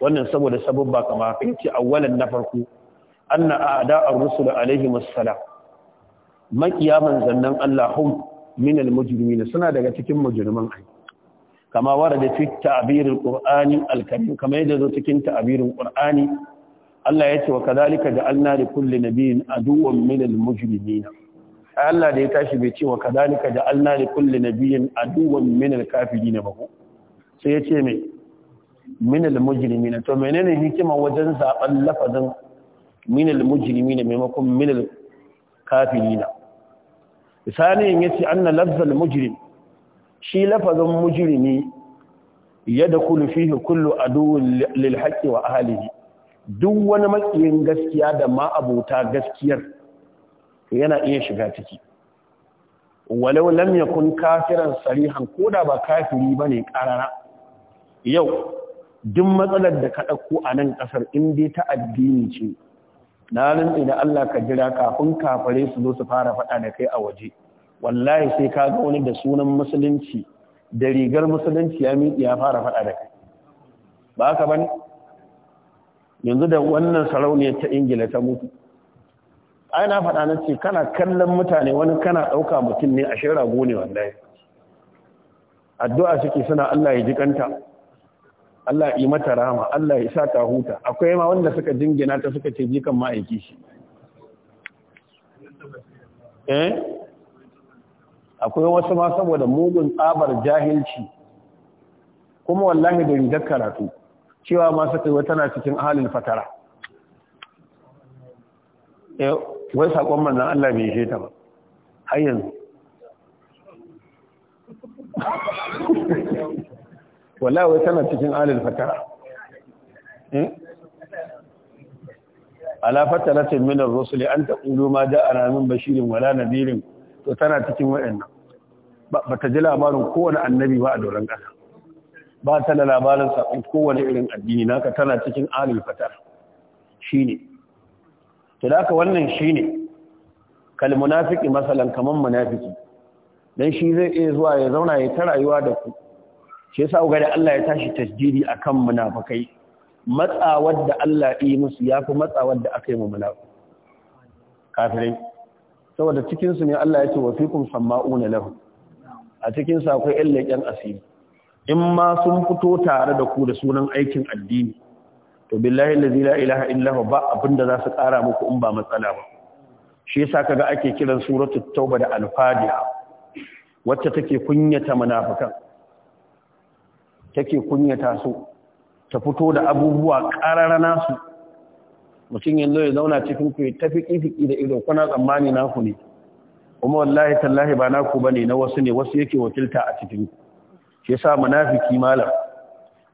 wannan saboda sababba kamar haka yace awwalan na farko anna a'da ar-rusul alaihim assalam makiya manzannan Allah hum min al-mujrimin suna daga cikin mujriman ai kama warada fi ta'bir al-qur'ani al-karim kama yadda zo cikin ta'birin qur'ani Allah yace wa kadhalika ja'alna li kulli nabiyyin aduwwan min al-mujrimin Allah da ya tashi bai ce wa kadhalika ja'alna li kulli nabiyyin aduwwan min al-kafirin ba ko sai yace me min al-mujrimin to menene hikima wajen zaban lafazin minal mujrimin maimakon minal kafirina saniyan yace anna lafzal mujrim shi lafazin mujrimi yadkhulu fihi kullu aduwwin lil haqqi wa ahlihi duk wani makiyin gaskiya da ma abota gaskiyar yana iya shiga ciki walau lam yakun kafiran sarihan koda ba kafiri bane karara yau duk matsalar da ka dauko a nan kasar in dai ta addini ce na rantsi da Allah ka jira kafin kafare su zo su fara faɗa da kai a waje wallahi sai ka ga wani da sunan musulunci da rigar musulunci ya miƙi ya fara faɗa da kai ba ka bane yanzu da wannan sarauniyar ta ingila ta mutu ai na faɗa na ce kana kallon mutane wani kana ɗauka mutum ne a shira ne wallahi addu'a suke suna Allah ya jikanta Allah yi mata rahama Allah ya sa ta huta akwai ma wanda suka jingina ta suka ce jikan ma'aiki shi eh akwai wasu ma saboda mugun tsabar jahilci kuma wallahi da rigar karatu cewa ma suka yi tana cikin halin fatara eh wai sakon manzon Allah bai ta ba har yanzu wallahi wai tana cikin alil fakara hmm? ala na min rusuli an taqulu ma a min bashirin wala nadirin to tana cikin waɗannan. ba ta ji labarin kowane annabi ba a doron ƙasa ba ta da labarin saƙon kowane irin addini naka tana cikin alil fatar shi ne to da aka wannan shi ne kalmunafiki masalan kamar munafiki don shi zai iya zuwa ya zauna ya ta rayuwa da ku shi yasa ga da Allah ya tashi tasdidi akan munafikai matsawar da Allah yi musu yafi matsawar da aka yi mu munafikai kafirai saboda cikin su ne Allah ya ce wa fikum sama'una lahu a cikin sa akwai ƴan asiri in ma sun fito tare da ku da sunan aikin addini to billahi la ilaha illa ba abinda za su kara muku in ba matsala ba shi yasa kaga ake kiran suratul tauba da al-fadiha wacce take kunyata munafikan take kunyata su ta fito da abubuwa ƙarara nasu mutum yanzu ya zauna cikin ku ta fi ƙifiki da ido kuna tsammani naku ne kuma wallahi tallahi ba naku ba ne na wasu ne wasu yake wakilta a cikin ku ke sa munafiki malam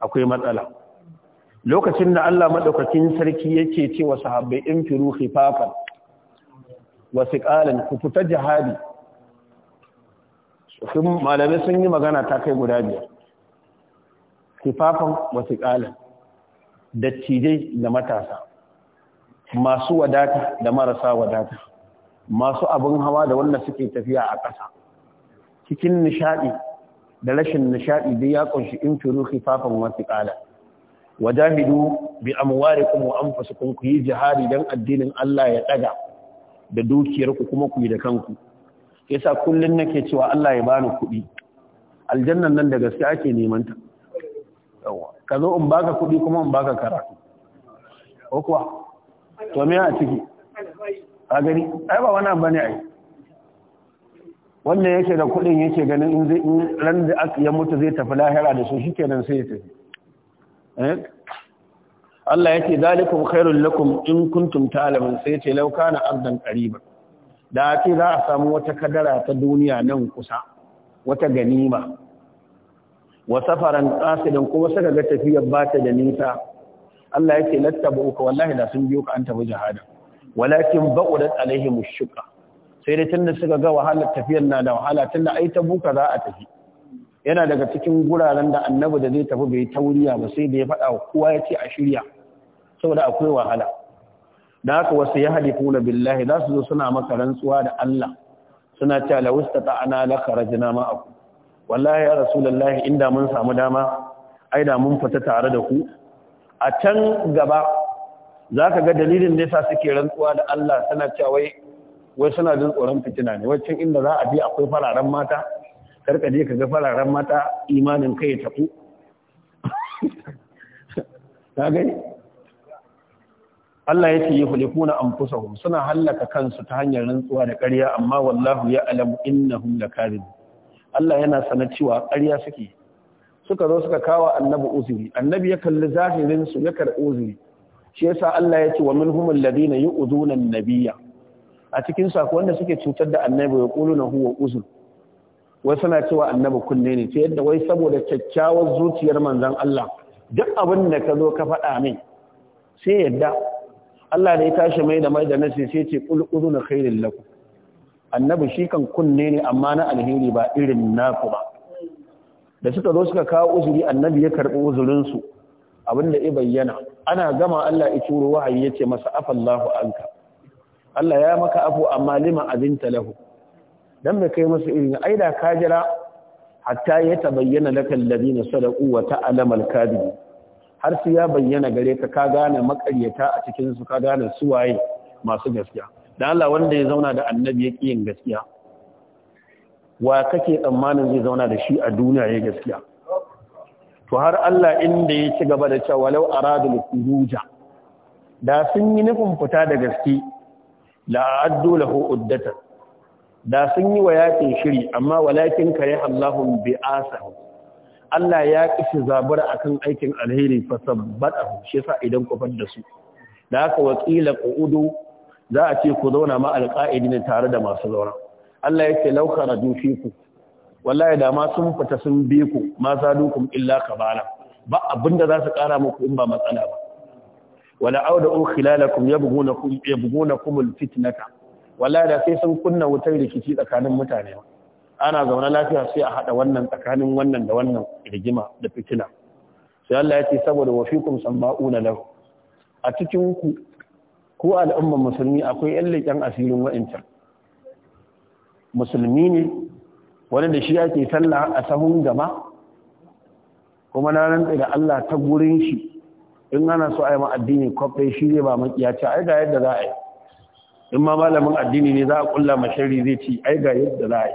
akwai matsala lokacin da Allah madaukakin sarki yake cewa sahabbai in firu khifafan wasiqalan ku fita jihadi sun malamai sun yi magana ta kai guda biyar kifafan wasu ƙalin dattijai da matasa masu wadata da marasa wadata masu abin hawa da wanda suke tafiya a ƙasa cikin nishaɗi da rashin nishaɗi da ya ƙunshi in firu kifafan wasu ƙalin wajahidu bi kuma wa anfusikum ku yi jihari don addinin Allah ya ɗaga da dukiyarku kuma ku yi da kanku yasa kullum nake cewa Allah ya bani kuɗi aljannan nan da gaske ake neman ta ka zo in baka kuɗi kuma in baka karatu ko kuwa to me a ciki a gari ai ba wani bane ai wanda yake da kuɗin yake ganin in zai ran da aka ya mutu zai tafi lahira da su shikenan sai ya tafi eh? Allah yake zalikum khairul lakum in kuntum ta'lamun sai yace law kana ardan qariba da ce za a samu wata kadara ta duniya nan kusa wata ganima wa safaran qasidan kuma saka ga tafiyar bata da nisa Allah yake lattabuka wallahi da sun biyo ka an tafi jihada walakin baqudat alaihim ash sai dai tunda suka ga wahalar tafiyar na da wahala tunda ai ta buka za a tafi yana daga cikin guraren da annabi da zai tafi bai tauriya ba sai da ya faɗa wa kowa yace a shirya saboda akwai wahala da haka wasu ya na billahi za su zo suna maka rantsuwa da Allah suna cewa lawistata ana la kharajna ma'akum wallahi ya rasulullahi inda mun samu dama ai da mun fita tare da ku a can gaba zaka ga dalilin da yasa suke rantsuwa da Allah tana cewa wai suna jin tsoron fitina ne wacin inda za a bi akwai fararen mata karka je ka ga fararen mata imanin kai ya tafi ta gani Allah ya ce yi hulikuna an suna hallaka kansu ta hanyar rantsuwa da ƙarya amma wallahu ya alamu innahum lakazibun Allah yana sana cewa ƙarya suke suka zo suka kawo annabi uzuri annabi ya kalli zahirin su ya karɓi uzuri shi yasa Allah ya ce wa minhum alladhina yu'dhuna an-nabiyya a cikin sa wanda suke cutar da annabi ya kulu na huwa uzur wai suna cewa annabi kunne ne ta yadda wai saboda kyakkyawar zuciyar manzon Allah duk abin da ka zo ka faɗa min sai yadda Allah da ya tashi mai da mai da nasi sai ce qul uzuna khairil lakum annabi shi kan kunne ne amma na alheri ba irin naku ba da suka zo suka kawo uzuri annabi ya karɓi uzurinsu abinda ya bayyana ana gama Allah ya turo wahayi ya ce masa afallahu anka Allah ya maka afu amma lima azinta talahu. dan me kai masa irin ai da ka jira hatta ya tabayyana laka alladhina sadaqu wa ta'lam al-kadhib har sai ya bayyana gare ka ka gane makaryata a cikin su ka gane suwaye masu gaskiya da Allah wanda ya zauna da annabi ya kiyin gaskiya wa kake tsammanin zai zauna da shi a duniya ya gaskiya to har Allah inda ya ci gaba da cewa law aradul khuruja da sun yi nufin fita da gaske la addu lahu uddatan da sun yi wa yakin shiri amma walakin kare bi asah Allah ya kishi zabura akan aikin alheri fa sabbata shi sa idan ku fadda su da wakila waqila qudu za a ce ku zauna ma alƙa'idin tare da masu zauna Allah ya ce lauka na ku wallahi da ma sun fita sun bi ku ma zalukum illa kabala ba abinda za su kara muku in ba matsala ba wala auda bugu na yabghunakum yabghunakum alfitnata wallahi da sai sun kunna wutar rikici tsakanin mutane ana zaune lafiya sai a haɗa wannan tsakanin wannan da wannan rigima da fitina sai Allah ya ce saboda wa fikum sama'una lahu a cikin ku ko al'ummar musulmi akwai yan leƙen asirin wa'incan musulmi ne wani da shi ake sallah a sahun gama. kuma na rantsa da Allah ta gurin shi in ana so a yi ma addini kwafai shi zai ba makiyaci ce ai ga yadda za a yi in ma malamin addini ne za a kulla mashari zai ci ai ga yadda za a yi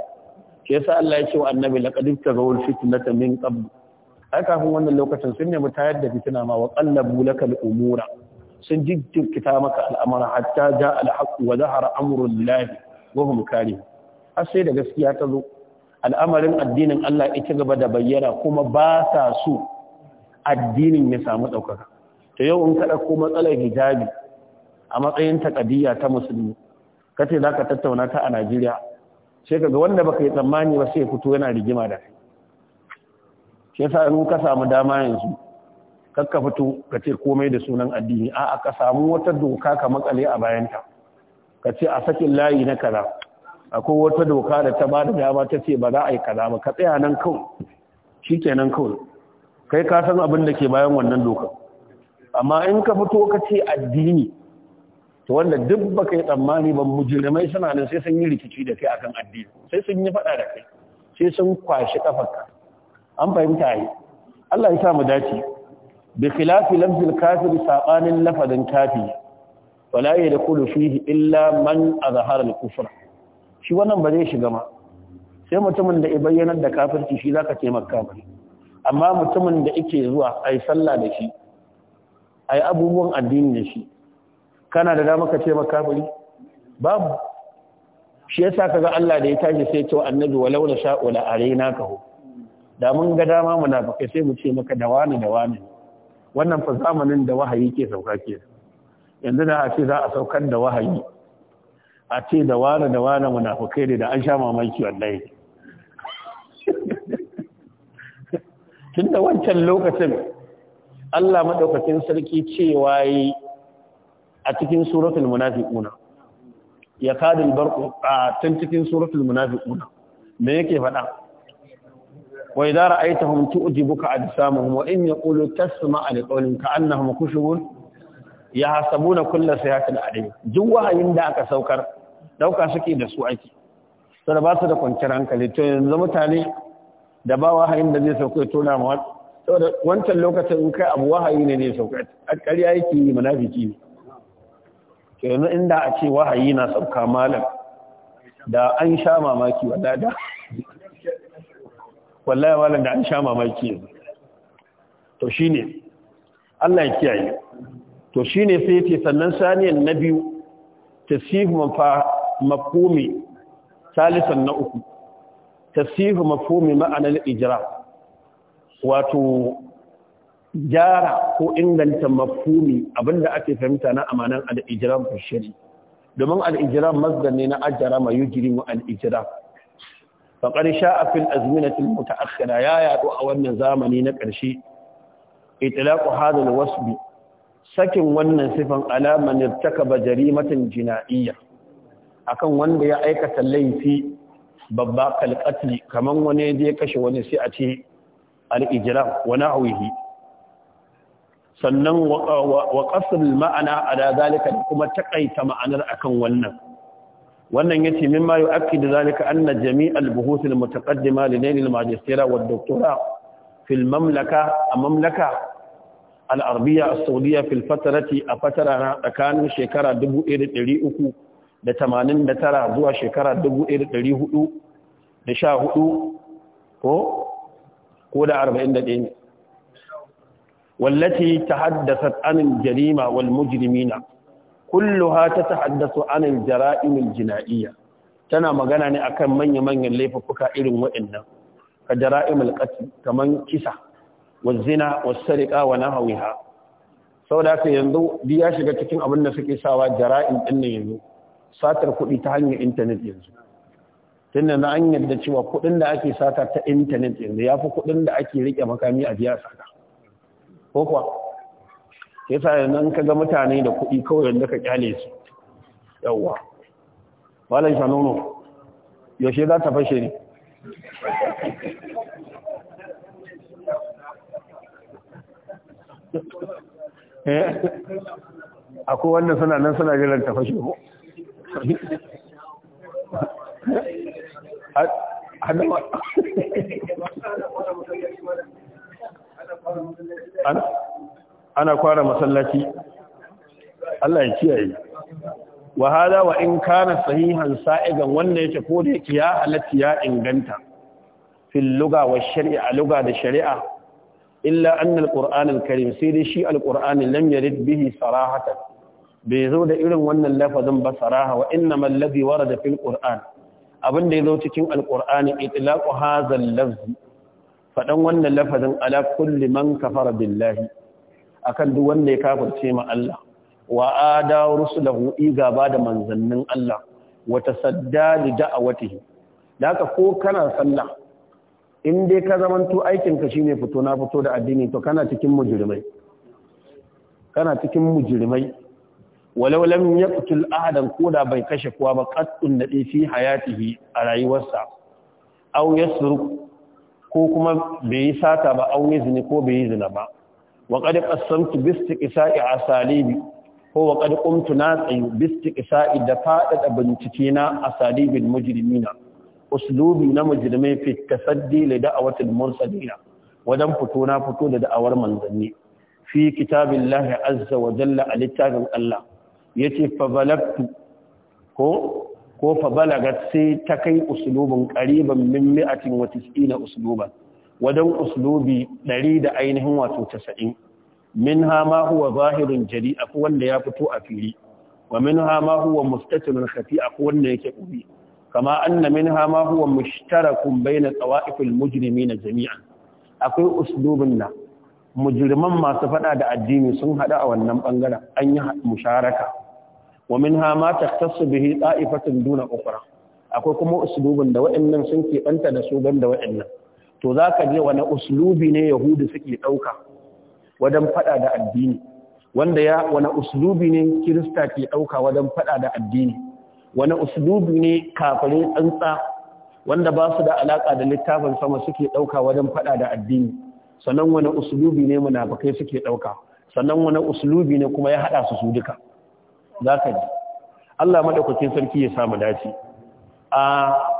shi yasa Allah ya ce wa annabi laqad tagawul fitnata min qabl ai kafin wannan lokacin sun nemi tayar da fitina ma wa qallabu lakal umura sun jinkirta maka al'amara hatta ja al-haqq wa zahara amru Allah wa hum har sai da gaskiya ta zo al'amarin addinin Allah ita gaba da bayyana kuma ba sa so addinin ya samu ɗaukaka. ta yau in ka matsalar hijabi a matsayin takadiyya ta musulmi kace zaka tattauna ta a Najeriya sai kaga wanda baka yi tsammani ba sai fito yana rigima da kai shi sa in ka samu dama yanzu kakka fito ka ce komai da sunan addini a'a ka samu wata doka ka makale a bayanta ka ce a sakin layi na kaza akwai wata doka da ta bada dama ta ce ba za a yi kaza ba ka tsaya nan kawai shikenan kawai kai ka san abin da ke bayan wannan doka amma in ka fito ka ce addini to wanda duk baka yi tsammani ba mujirmai suna nan sai sun yi rikici da kai akan addini sai sun yi faɗa da kai sai sun kwashi kafarka an fahimta yi Allah ya sa mu dace bi khilafi lafzil kafir sabanin lafadin kafi wala yadkhulu fihi illa man azhara al-kufr shi wannan ba zai shiga ma sai mutumin da ya bayyana da kafirci shi zaka taimaka ba. amma mutumin da yake zuwa ai sallah da shi ai abubuwan addini da shi kana da dama ka taimaka ba? babu shi yasa kaga Allah da ya tashi sai to annabi walau la sha'u la arayna da mun ga dama munafikai sai mu ce maka da wani da wani wannan fa zamanin da wahayi ke sauka ke yanzu da a ce za a saukar da wahayi a ce da wane da wane munafukai ne da an sha mamaki wallahi tun da wancan lokacin Allah maɗaukacin sarki cewa yi a cikin suratul munafiquna ya kadin barqu a tun cikin suratul munafiquna me yake faɗa wa idza ra'aytahum tu'jibuka ajsamuhum wa in yaqulu tasma'a liqawlin ka'annahum khushubun yahsabuna kulla sayatin alayhi duk wahayin da aka saukar dauka suke da su aiki. sai ba su da kwanciyar hankali to yanzu mutane da ba wahayin da zai to tona ma saboda wancan lokacin in kai abu wahayi ne ne sauka ƙarya yake yi munafiki ne to yanzu inda a ce wahayi na sauka malam da an sha mamaki wadada wallahi malam da an sha mamaki yanzu to shine Allah ya kiyaye to shine sai yace sannan saniyan na biyu tasihu mafumi salisan na uku tasihu mafhumi ma'anar ijra wato gyara ko inganta mafhumi abinda ake fahimta na amanan al-ijram domin al-ijram ne na ajara ma yujrimu al-ijram faƙar sha'a fil azminatin mutaakhira ya yaɗu a wannan zamani na ƙarshe itlaqu hadal wasbi sakin wannan sifan alaman irtakaba jarimatan jina'iyya akan wanda ya aikata laifi babba kalqatli kamar wani ya kashe wani sai a ce al wani hauhi, sannan wa qasr ma'ana maana da zalika kuma takaita ma'anar akan wannan wannan yace mimma yu'akkidu zalika da jami'al buhuth na mutaqaddima li nail al-magistera wa ad-doktora fi al-mamlaka al-mamlaka al-arabiyya as-saudiyya fi fatarati a fatarana tsakanin shekara 1389 zuwa shekara 1414 ko ko da 41 ta tahaddathat anil jarima wal mujrimina kulluha ta ta haddasa anan jara'imin jina'iyya tana magana ne akan manya-manyan laifuka irin waɗannan ka jara'imul qatl kaman kisa wazina wasariqa wa nahawiha saboda haka yanzu duk ya shiga cikin abin da suke sawa jara'in din yanzu satar kuɗi ta hanyar intanet yanzu tunda na an yarda cewa kuɗin da ake sata ta intanet yanzu yafi kuɗin da ake rike makami a biya sata ko kuwa sai sa yana ka ga mutane da kuɗi kawai yadda ka kyale su yawwa malam shanono yaushe za ta fashe ne eh? akwai wannan suna nan suna jiran ta fashe ko ana ana kwara masallaci Allah ya kiyaye wa hada wa in kana sahihan sa'igan wanda yake ko da yake ya halatti ya inganta fil lugha wa shari'a luga da shari'a illa anna al-qur'an sai dai shi al-qur'an lam yarid bihi sarahatan bai zo da irin wannan lafazin ba saraha wa ma ladhi warada fil qur'an abinda yazo cikin al-qur'ani itlaqu hadha al fadan wannan lafazin ala kulli man kafara billahi akan duk wanda ya kafirce ma Allah wa ada rusulahu ba da manzannin Allah wa tasadda li da'awatihi da haka ko kana sallah in dai ka zamanto aikin ka shine fito na fito da addini to kana cikin mujrimai kana cikin mujrimai walau lam yaqtul ahadan koda bai kashe kowa ba qatun da fi hayatihi a rayuwarsa aw yasruk ko kuma bai yi sata ba aw yizni ko bai yi zina ba wa qad qassamtu bi istiqsa'i asalibi ko wa qad na tsayu bi istiqsa'i da faɗaɗa da bincike na asalibil mujrimina uslubi na mujrimai fi tasaddi li da'awatil mursalina wajen fito na fito da da'awar manzanni fi kitabillahi azza wa jalla a littafin Allah yace fa fa balagat sai ta kai uslubin qariban min mi'atin wa wajen uslubi ɗari da ainihin wato casa'in min hama huwa zahirin jari a wanda ya fito a fili wa min hama huwa mustatirun khafi akwai wanda yake ɓoye kama anna min hama huwa mushtarakun bayna tsawa'ifil mujirimi na jami'a. akwai uslubin na Mujirman masu faɗa da addini sun haɗu a wannan ɓangaren an yi musharaka wa min hama taktasu bihi tsa'ifatin duna ukra akwai kuma uslubin da wa'annan sun keɓanta da su ban da wa'annan to za ka je wani uslubi ne yahudu suke ɗauka wajen faɗa da addini wanda ya wani uslubi ne kirista ke ɗauka wajen faɗa da addini wani uslubi ne kafare tsantsa wanda ba su da alaƙa da littafin sama suke ɗauka wajen faɗa da addini sannan wani uslubi ne munafukai suke ɗauka sannan wani uslubi ne kuma ya haɗa su su duka za ka ji Allah maɗaukakin sarki ya samu dace a ah,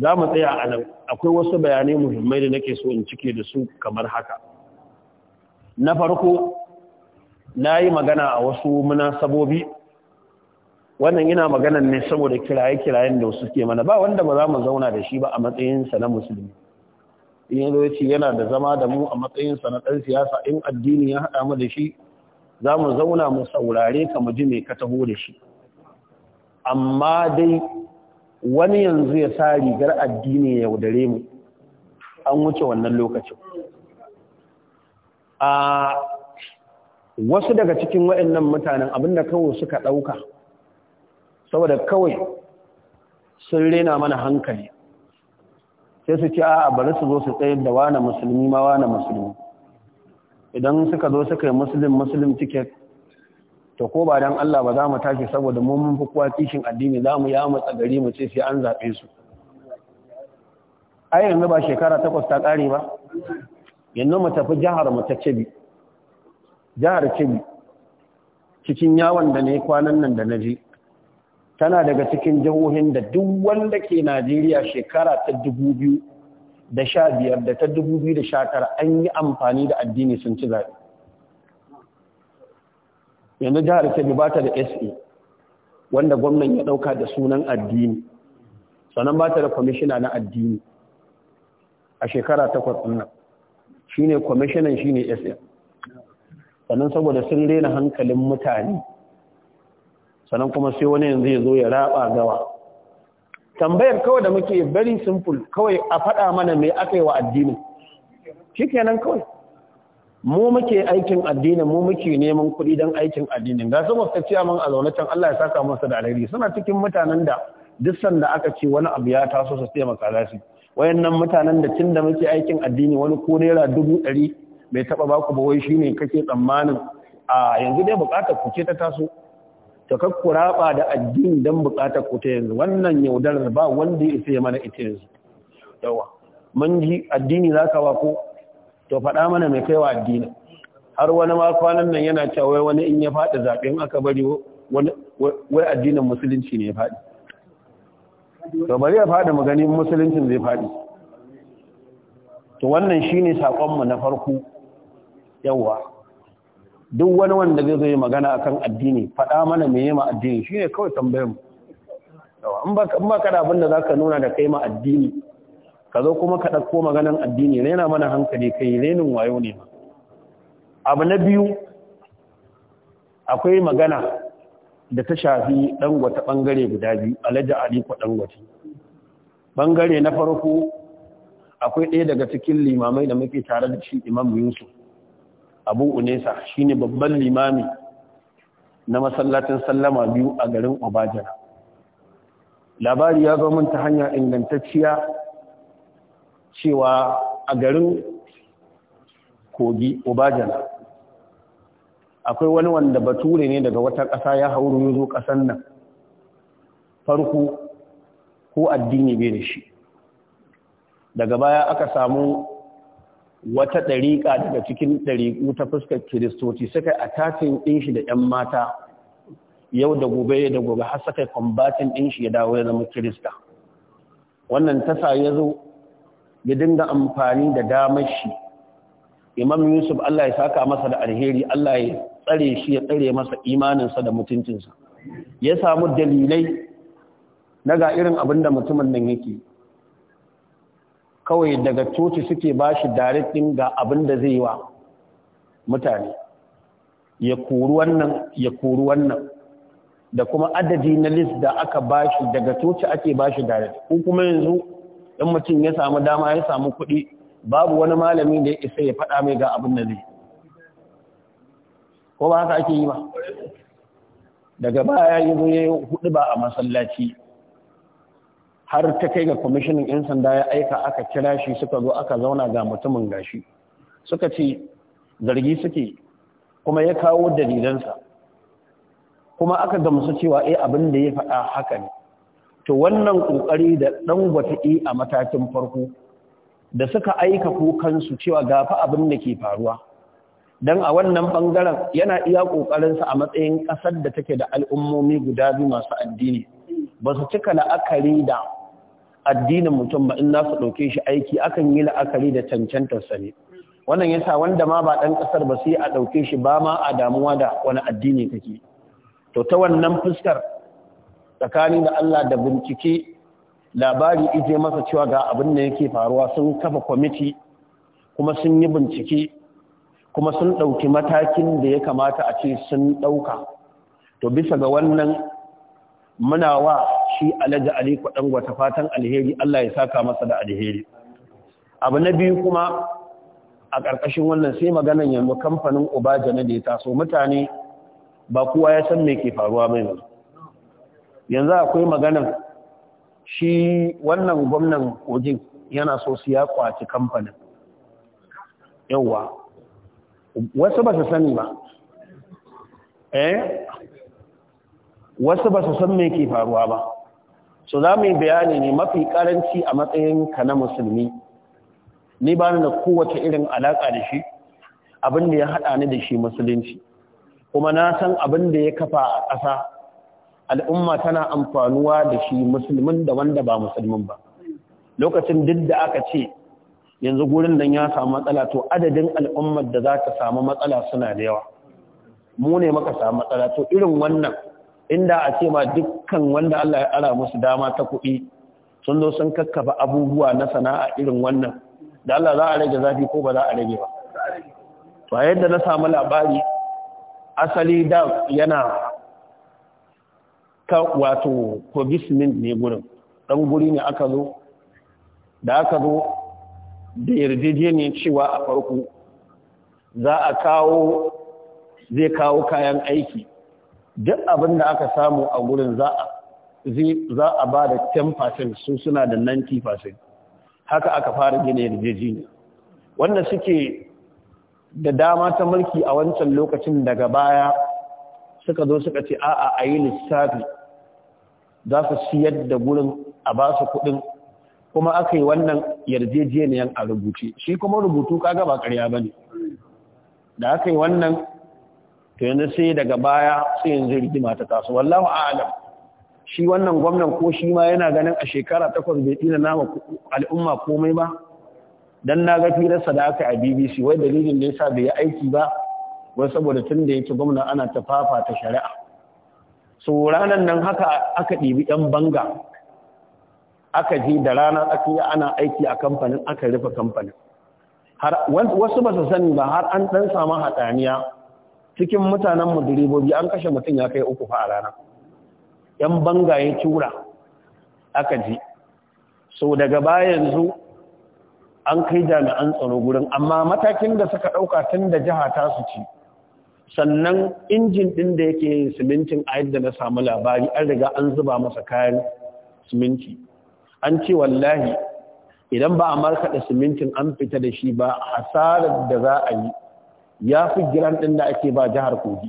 za mu tsaya a nan akwai wasu bayanai muhimmai da nake so in cike da su kamar haka na farko na yi magana a wasu munasabobi wannan ina maganan ne saboda kiraye-kirayen da wasu ke mana ba wanda ba za mu zauna da shi ba a matsayinsa na musulmi in ya ce yana da zama da mu a matsayinsa na ɗan siyasa in addini ya haɗa mu da shi za mu zauna mu saurare ka mu ji mai ka taho da shi amma dai wani yanzu ya sa rigar addini ya yaudare mu an wuce wannan lokacin a wasu daga cikin waɗannan mutanen abinda kawai suka ɗauka saboda kawai sun rena mana hankali sai su ce a bari su zo su tsayar da wane musulmi ma wane musulmi idan suka zo suka yi musulun musulun tiket to ko ba dan Allah ba za mu tashi saboda mun mun fi kishin addini za mu ya matsa gari mu ce sai an zaɓe su ai yanzu ba shekara takwas ta kare ba yanzu mu tafi jihar mu ta cebi jihar cebi cikin yawon da ne kwanan nan da na tana daga cikin jihohin da duk wanda ke Najeriya shekara ta dubu da sha biyar da ta dubu tara an yi amfani da addini sun ci zaɓe yanzu jihar kebbi ba ta da sa wanda gwamnan ya ɗauka da sunan addini sannan ba ta da kwamishina na addini a shekara takwas nan shi ne kwamishinan shi ne sa sannan saboda sun rena hankalin mutane sannan kuma sai wani yanzu ya zo ya raba gawa tambayar kawai da muke very simple kawai a faɗa mana mai aka yi wa addinin shi kenan kawai mu muke aikin addini mu muke neman kuɗi don aikin addini ga su wasu ciya man a zaune can Allah ya saka masa da alheri suna cikin mutanen da duk sanda aka ce wani abu ya taso su taimaka za su wayannan mutanen da tun da muke aikin addini wani ko naira dubu ɗari bai taɓa ba ku ba wai shine kake tsammanin a yanzu dai buƙatar ku ce ta taso ta kakkuraba da addini don buƙatar ku ta yanzu wannan yaudarar ba wanda ya isa mana ita yanzu yawa mun ji addini za ka ba ko to faɗa mana mai kaiwa addini har wani ma kwanan nan yana cewa wai wani in ya faɗi zaɓen aka bari wai addinin musulunci ne ya faɗi to bari ya faɗi mu gani musuluncin zai faɗi to wannan shine saƙonmu na farko yawa duk wani wanda zai zai magana akan addini faɗa mana me yema addini shine kawai tambayar mu in ba kada abinda abin da zaka nuna da kai ma addini ka zo kuma ka ɗauko maganan addini rena mana hankali kai renin wayo ne ma abu na biyu akwai magana da ta shafi ɗangwata ɓangare guda biyu alhaji aliko ɗangwata ɓangare na farko akwai ɗaya daga cikin limamai da muke tare da shi imam yusu abu unesa shi ne babban limami na masallacin sallama biyu a garin obajana labari ya zo mun ta hanya ingantacciya cewa a garin kogi obajana akwai wani wanda bature ne daga wata ƙasa ya hauru ya ƙasan nan farko ko addini bai da shi daga baya aka samu wata ɗariƙa daga cikin ɗariƙu ta fuskar kiristoci suka a tatin ɗin shi da ‘yan mata yau da gobe da gobe har suka kwambatin ɗin shi ya dawo ya zama kirista wannan tasa ya zo ya dinga amfani da damar shi imam yusuf Allah ya saka masa da alheri Allah ya tsare shi ya tsare masa imaninsa da mutuncinsa ya samu dalilai na ga irin abin da mutumin nan yake kawai daga coci suke ba shi ga abin da zai wa mutane ya kuru wannan ya kuru wannan da kuma adadi na list da aka ba shi daga coci ake ba shi daritin ko kuma yanzu in mutum ya samu dama ya samu kuɗi babu wani malami da ya isa ya faɗa mai ga abin da zai ko ba haka ake yi ba daga baya ya zo ya yi hudu ba a masallaci har ta kai ga kwamishinan 'yan sanda ya aika aka kira shi suka zo aka zauna ga mutumin gashi suka ce zargi suke kuma ya kawo dalilansa kuma aka gamsu cewa eh abin da ya faɗa haka ne to wannan kokari da ɗan yi a matakin farko da suka aika kukansu cewa gafa abin da ke faruwa don a wannan ɓangaren yana iya ƙoƙarinsa a matsayin ƙasar da take da al'ummomi guda biyu masu addini ba su cika la'akari da addinin mutum ba in za su ɗauke shi aiki akan yi la'akari da cancantarsa ne wannan yasa wanda ma ba ɗan ƙasar ba sai a ɗauke shi ba ma a damuwa da wani addini take to ta wannan fuskar tsakanin da Allah da bincike labari ije masa cewa ga abin da yake faruwa sun kafa kwamiti kuma sun yi bincike kuma sun ɗauki matakin da ya kamata a ce sun ɗauka to bisa ga wannan muna wa shi alhaji ali kwaɗan wata fatan alheri Allah ya saka masa da alheri abu na biyu kuma a ƙarƙashin wannan sai maganan yanzu kamfanin obaja na da ya taso mutane ba kowa ya san me ke faruwa mai yanzu yanzu akwai maganar shi wannan gwamnan ojin yana so su ya kwaci kamfanin yauwa wasu ba su sani ba eh wasu ba su san mai ke faruwa ba so za mu bayani ne mafi karanci a matsayin ka na musulmi ni ba ni da kowace irin alaƙa da shi abinda ya haɗa ni da shi musulunci kuma na san abinda ya kafa a ƙasa al'umma tana amfanuwa da shi musulmin da wanda ba musulmin ba lokacin duk da aka ce yanzu gurin nan ya samu matsala to adadin al'ummar da za ta samu matsala suna da yawa mu ne maka samu matsala to irin wannan inda a ce ma dukkan wanda Allah ya ara musu dama ta kuɗi sun zo sun kakkafa abubuwa na sana'a irin wannan da Allah za a rage zafi ko ba za a rage ba to a yadda na samu labari asali da yana Kan wato provisioning ne gurin ɗan guri ne aka zo da aka zo da yarjejeniyar cewa a farko za a kawo zai kawo kayan aiki duk abin da aka samu a gurin za a ba da 10% su suna da 90% haka aka fara gina yarjejeniya wanda suke da dama ta mulki a wancan lokacin daga baya suka zo suka ce a'a a yi lissafi za su siyar da gurin a ba su kuɗin kuma aka yi wannan yarjejeniyar a rubuce shi kuma rubutu ka gaba ƙarya ba ne da aka yi wannan to yanzu sai daga baya sai yanzu rigima ta taso wallahu a'adam. shi wannan gwamnan ko shi ma yana ganin a shekara takwas bai tsina nama al'umma komai ba dan na ga firarsa da aka a BBC wai dalilin da sa bai yi aiki ba wai saboda tun da yake gwamna ana ta ta shari'a so ranar nan haka aka ɗibi ɗan banga aka je da rana tsakiya ana aiki a kamfanin aka rufe kamfanin wasu ba su sani ba har an ɗan samu hatsaniya cikin mutanen mu direbobi an kashe mutum ya kai uku fa a rana ‘yan banga ya cura aka ji so daga baya yanzu an kai jami'an tsaro gurin amma matakin da suka ɗauka tun da jiha ta su ci sannan injin ɗin da yake yin simintin a yadda na samu labari an riga an zuba masa kayan siminti an ce wallahi idan ba a markaɗa simintin an fita da shi ba hasarar da za a yi ya fi giran ɗin da ake ba jihar kogi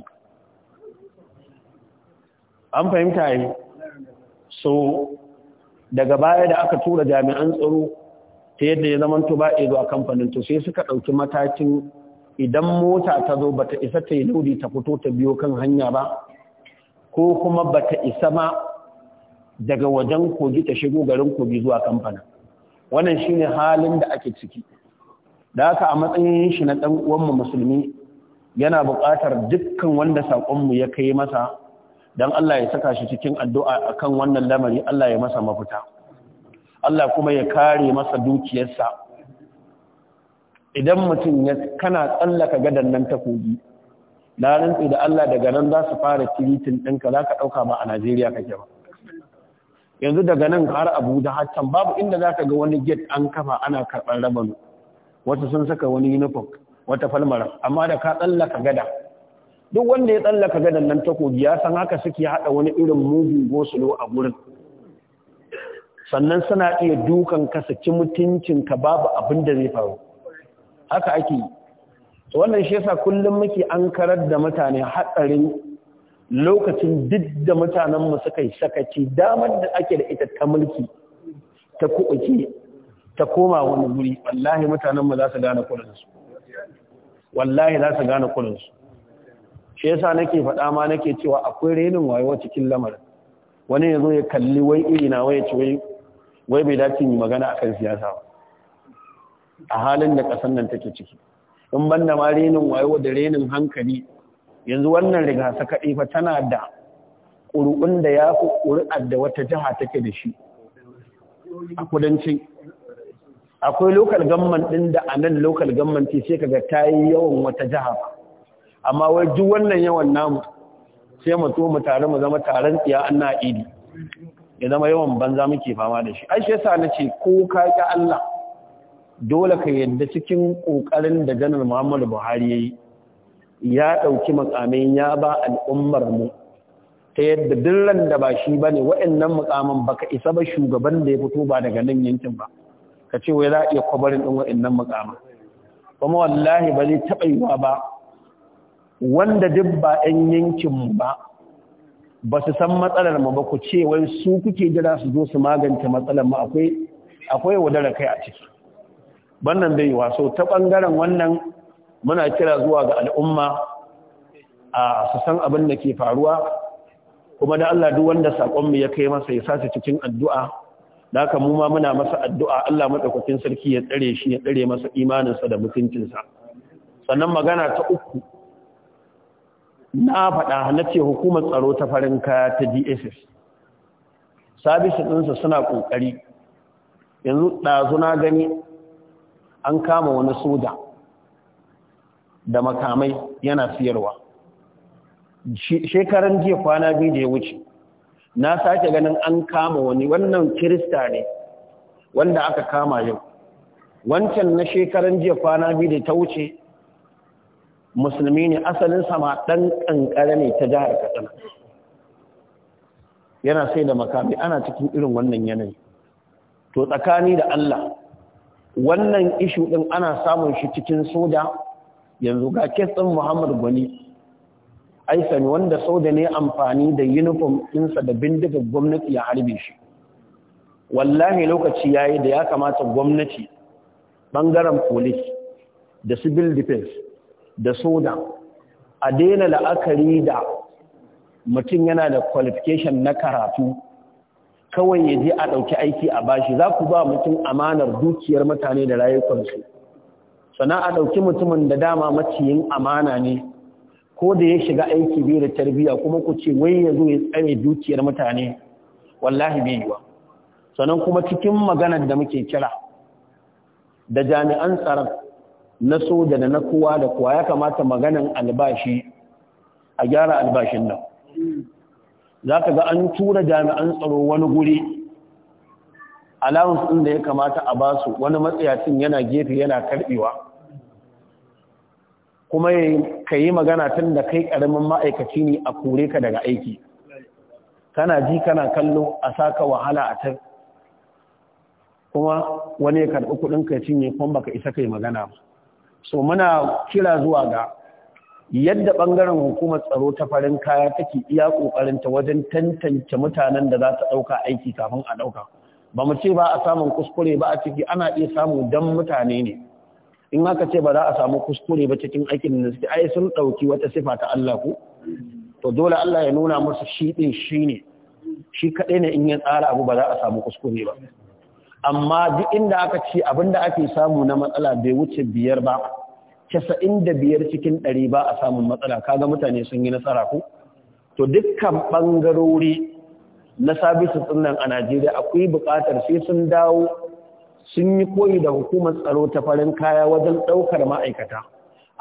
an fahimta yi so daga baya da aka tura jami'an tsaro ta yadda ya zama to ba a kamfanin to sai suka ɗauki matakin idan mota ta zo bata isa ta yi lodi ta fito ta biyo kan hanya ba ko kuma bata isa ma daga wajen kogi ta shigo garin kogi zuwa kamfanin wannan shine halin da ake ciki da haka a matsayin shi na dan uwanmu musulmi yana buƙatar dukkan wanda saƙonmu ya kai masa don Allah ya saka shi cikin addu'a a kan wannan lamari Allah ya masa mafuta Allah kuma ya kare masa dukiyarsa idan mutum ya kana tsallaka gadan nan ta kogi na rantsi da Allah daga nan za su fara tiritin ɗinka za ka ɗauka ba a Najeriya kake ba yanzu daga nan har Abuja har can babu inda za ka ga wani gate an kafa ana karɓar rabano, wata sun saka wani uniform wata falmara amma da ka tsallaka gada duk wanda ya tsallaka gadan nan ta ya san haka suke haɗa wani irin mugun gosulo a gurin sannan suna iya dukan kasa ci mutuncinka babu abin da zai faru haka ake yi to wannan shi yasa kullum muke an karar da mutane hatsarin lokacin duk da mutanen mu suka yi sakaci damar da ake da ita ta mulki ta kuɓuki ta koma wani guri wallahi mutanen mu za su gane kurinsu wallahi za su gane kurinsu shi yasa nake faɗa ma nake cewa akwai renin wayewa cikin lamarin wani ya zo ya kalli wai iri na wai ya ce wai bai dace ni magana akan siyasa ba a halin da ƙasar nan take ciki in da ma renin wayo da renin hankali yanzu wannan rigasa kaɗai fa tana da ƙuri'un da ya fi ƙuri'ar da wata jiha take da shi a kudancin akwai lokal gamman ɗin da a nan lokal gamman ce sai kaga ta yi yawan wata jiha amma wai duk wannan yawan namu sai mu mu tare mu zama taron tsiya an na idi ya zama yawan banza muke fama da shi ai shi yasa ce ko ka ƙi Allah dole ka yadda cikin ƙoƙarin da janar muhammadu buhari ya yi ya ɗauki makamai ya ba al'ummar mu ta yadda dillan da ba shi ba ne waɗannan makaman ka isa ba shugaban da ya fito ba daga nan yankin ba ka ce wai za a iya kwabarin ɗin wa'in nan makaman kuma wallahi ba zai taɓa yi ba wanda duk ba yan yankin mu ba ba su san matsalar mu ba ku ce wai su kuke jira su zo su magance matsalar mu akwai akwai wadara kai a ciki bannan bai waso ta ɓangaren wannan muna kira zuwa ga al'umma a su san abin da ke faruwa kuma da Allah duk wanda saƙonmu ya kai masa ya sace cikin addu'a da haka mu ma muna masa addu'a Allah maɗaukakin sarki ya tsare shi ya tsare masa imaninsa da mutuncinsa sannan magana ta uku na faɗa na ce hukumar tsaro ta farin kaya ta dss sabis ɗinsa suna ƙoƙari yanzu ɗazu na gani an kama wani soja da makamai yana siyarwa shekaran jiya kwana biyu da ya wuce na sake ganin an kama wani wannan kirista ne wanda aka kama yau wancan na shekaran jiya kwana biyu da ta wuce musulmi ne asalin sama ɗan ƙanƙara ne ta jihar katsina yana sai da makami ana cikin irin wannan yanayi to tsakani da Allah wannan ishu ɗin ana samun shi cikin soja yanzu ga ɗin muhammad gwani aisani wanda soda ne amfani da uniform ɗinsa da bindigar gwamnati ya harbe shi wallahi lokaci ya da ya kamata gwamnati ɓangaren polis da civil defense da soja a daina la'akari da mutum yana da qualification na karatu kawai ya je a ɗauki aiki a bashi za ku ba mutum amanar dukiyar mutane da rayukansu sana a ɗauki mutumin da dama maciyin amana ne ko da ya shiga aiki bai da tarbiyya kuma ku ce wai ya zo ya tsare dukiyar mutane wallahi bai yiwa sannan kuma cikin maganar da muke kira da jami'an tsaron na soja da na kowa da kowa ya kamata maganar albashi a gyara albashin nan za ka ga an tura jami'an tsaro wani guri allowance ɗin da ya kamata a basu wani matsayacin yana gefe yana karɓewa kuma ka yi magana tun da kai karamin ma'aikaci ne a kore ka daga aiki kana ji kana kallo a saka wahala a can kuma wani ya karɓi kuɗin ka cinye kuma baka isa kai magana so muna kira zuwa ga yadda ɓangaren hukumar tsaro ta farin kaya take iya ƙoƙarinta wajen tantance mutanen da za ta ɗauka aiki kafin a ɗauka ba mu ce ba a samun kuskure ba a ciki ana iya samu dan mutane ne in aka ce ba za a samu kuskure ba cikin aikin da suke ai sun ɗauki wata sifa ta Allah ku to dole Allah ya nuna musu shi ɗin shi ne shi kaɗai ne in ya tsara abu ba za a samu kuskure ba amma duk inda aka ce abin da ake samu na matsala bai wuce biyar ba casa'in da biyar cikin ɗari ba a samun matsala kaga mutane sun yi nasara ku to dukkan ɓangarori na sabis tsunan a najeriya akwai buƙatar sai sun dawo sun yi koyi da hukumar tsaro ta farin kaya wajen ɗaukar ma'aikata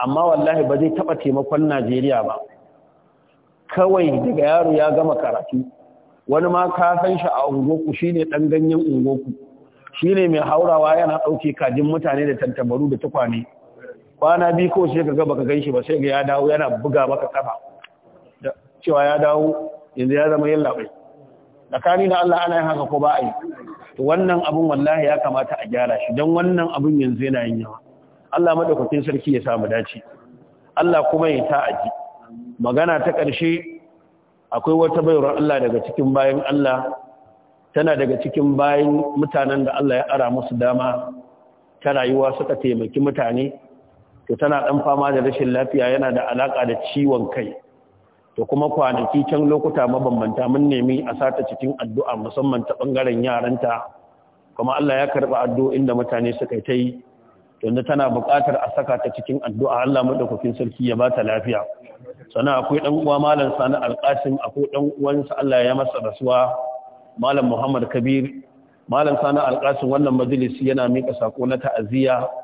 amma wallahi ba zai taɓa taimakon najeriya ba kawai daga yaro ya gama karatu wani ma ka san shi a ungoku shine ɗan ganyen ungoku shine mai haurawa yana ɗauke kajin mutane da tantabaru da tukwane kwana biyu ko sai ka ga baka shi ba sai ga ya dawo yana buga maka kafa cewa ya dawo yanzu ya zama yalla bai tsakani da Allah ana yin haka ko ba a yi to wannan abun wallahi ya kamata a gyara shi don wannan abun yanzu yana yin yawa Allah madaukakin sarki ya samu dace Allah kuma ya ta aji magana ta ƙarshe akwai wata baiwar Allah daga cikin bayan Allah tana daga cikin bayan mutanen da Allah ya ara musu dama ta rayuwa suka taimaki mutane to tana dan fama da rashin lafiya yana da alaka da ciwon kai to kuma kwanaki can lokuta mabambanta mun nemi a sata cikin addu'a musamman ta bangaren yaranta kuma Allah ya karba addu'o'in inda mutane suka yi ta yi tana buƙatar a saka ta cikin addu'a Allah madaukakin sarki ya bata lafiya sannan akwai dan uwa malam Sani Alƙasim akwai dan uwansa Allah ya masa rasuwa malam Muhammad Kabir malam Sani Alƙasim wannan majalisi yana mika sako na ta'aziyya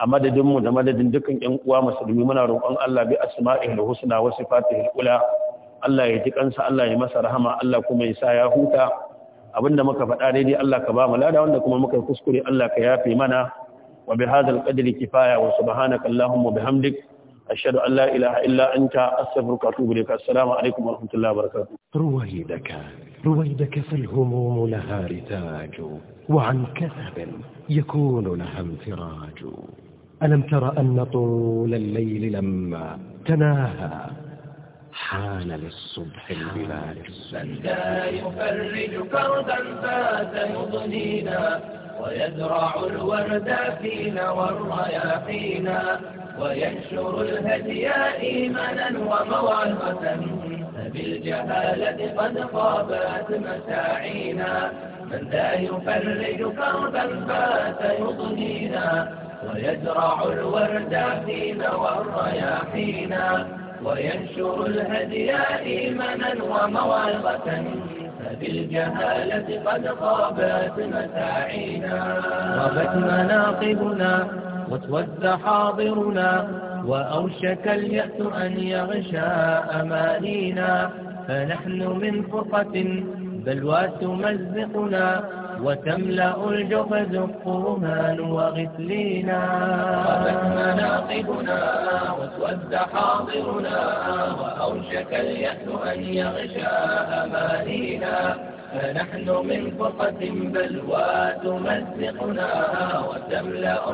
a madadin mu da madadin dukkan ƴan uwa musulmi muna roƙon Allah bi asma'ihil husna wa sifatihil ula Allah ya ji kansa Allah ya masa rahama Allah kuma ya sa ya huta abinda muka faɗa dai dai Allah ka ba mu lada wanda kuma muka kuskure Allah ka yafe mana wa bi hadzal qadri kifaya wa subhanaka allahumma bihamdik ashhadu an la ilaha illa anta astaghfiruka wa atubu ilayk assalamu alaikum wa rahmatullahi wa barakatuh ruwaydaka ruwaydaka fal humum laha ritaju وعن كثب يكون لها امتراج ألم تر أن طول الليل لما تناهى حان للصبح البلاد من لا يفرج كردا فات يضنينا ويزرع الورد فينا والرياحينا وينشر الهدي إيمانا وموعظة فبالجهالة قد خابت مساعينا من لا يفرج كربا بات يضنينا ويزرع الورد فينا والرياحينا وينشر الهدي إيمانا وموعظة فبالجهالة قد خابت متاعينا غابت مناقبنا وتوز حاضرنا وأوشك اليأس أن يغشى أمانينا فنحن من فرقة بلوى تمزقنا وتملأ الجوف زقومان وغسلينا غابت مناقبنا واسود حاضرنا وأوشك اليأس أن يغشى أمانينا فنحن من فرقة بلوى تمزقنا وتملأ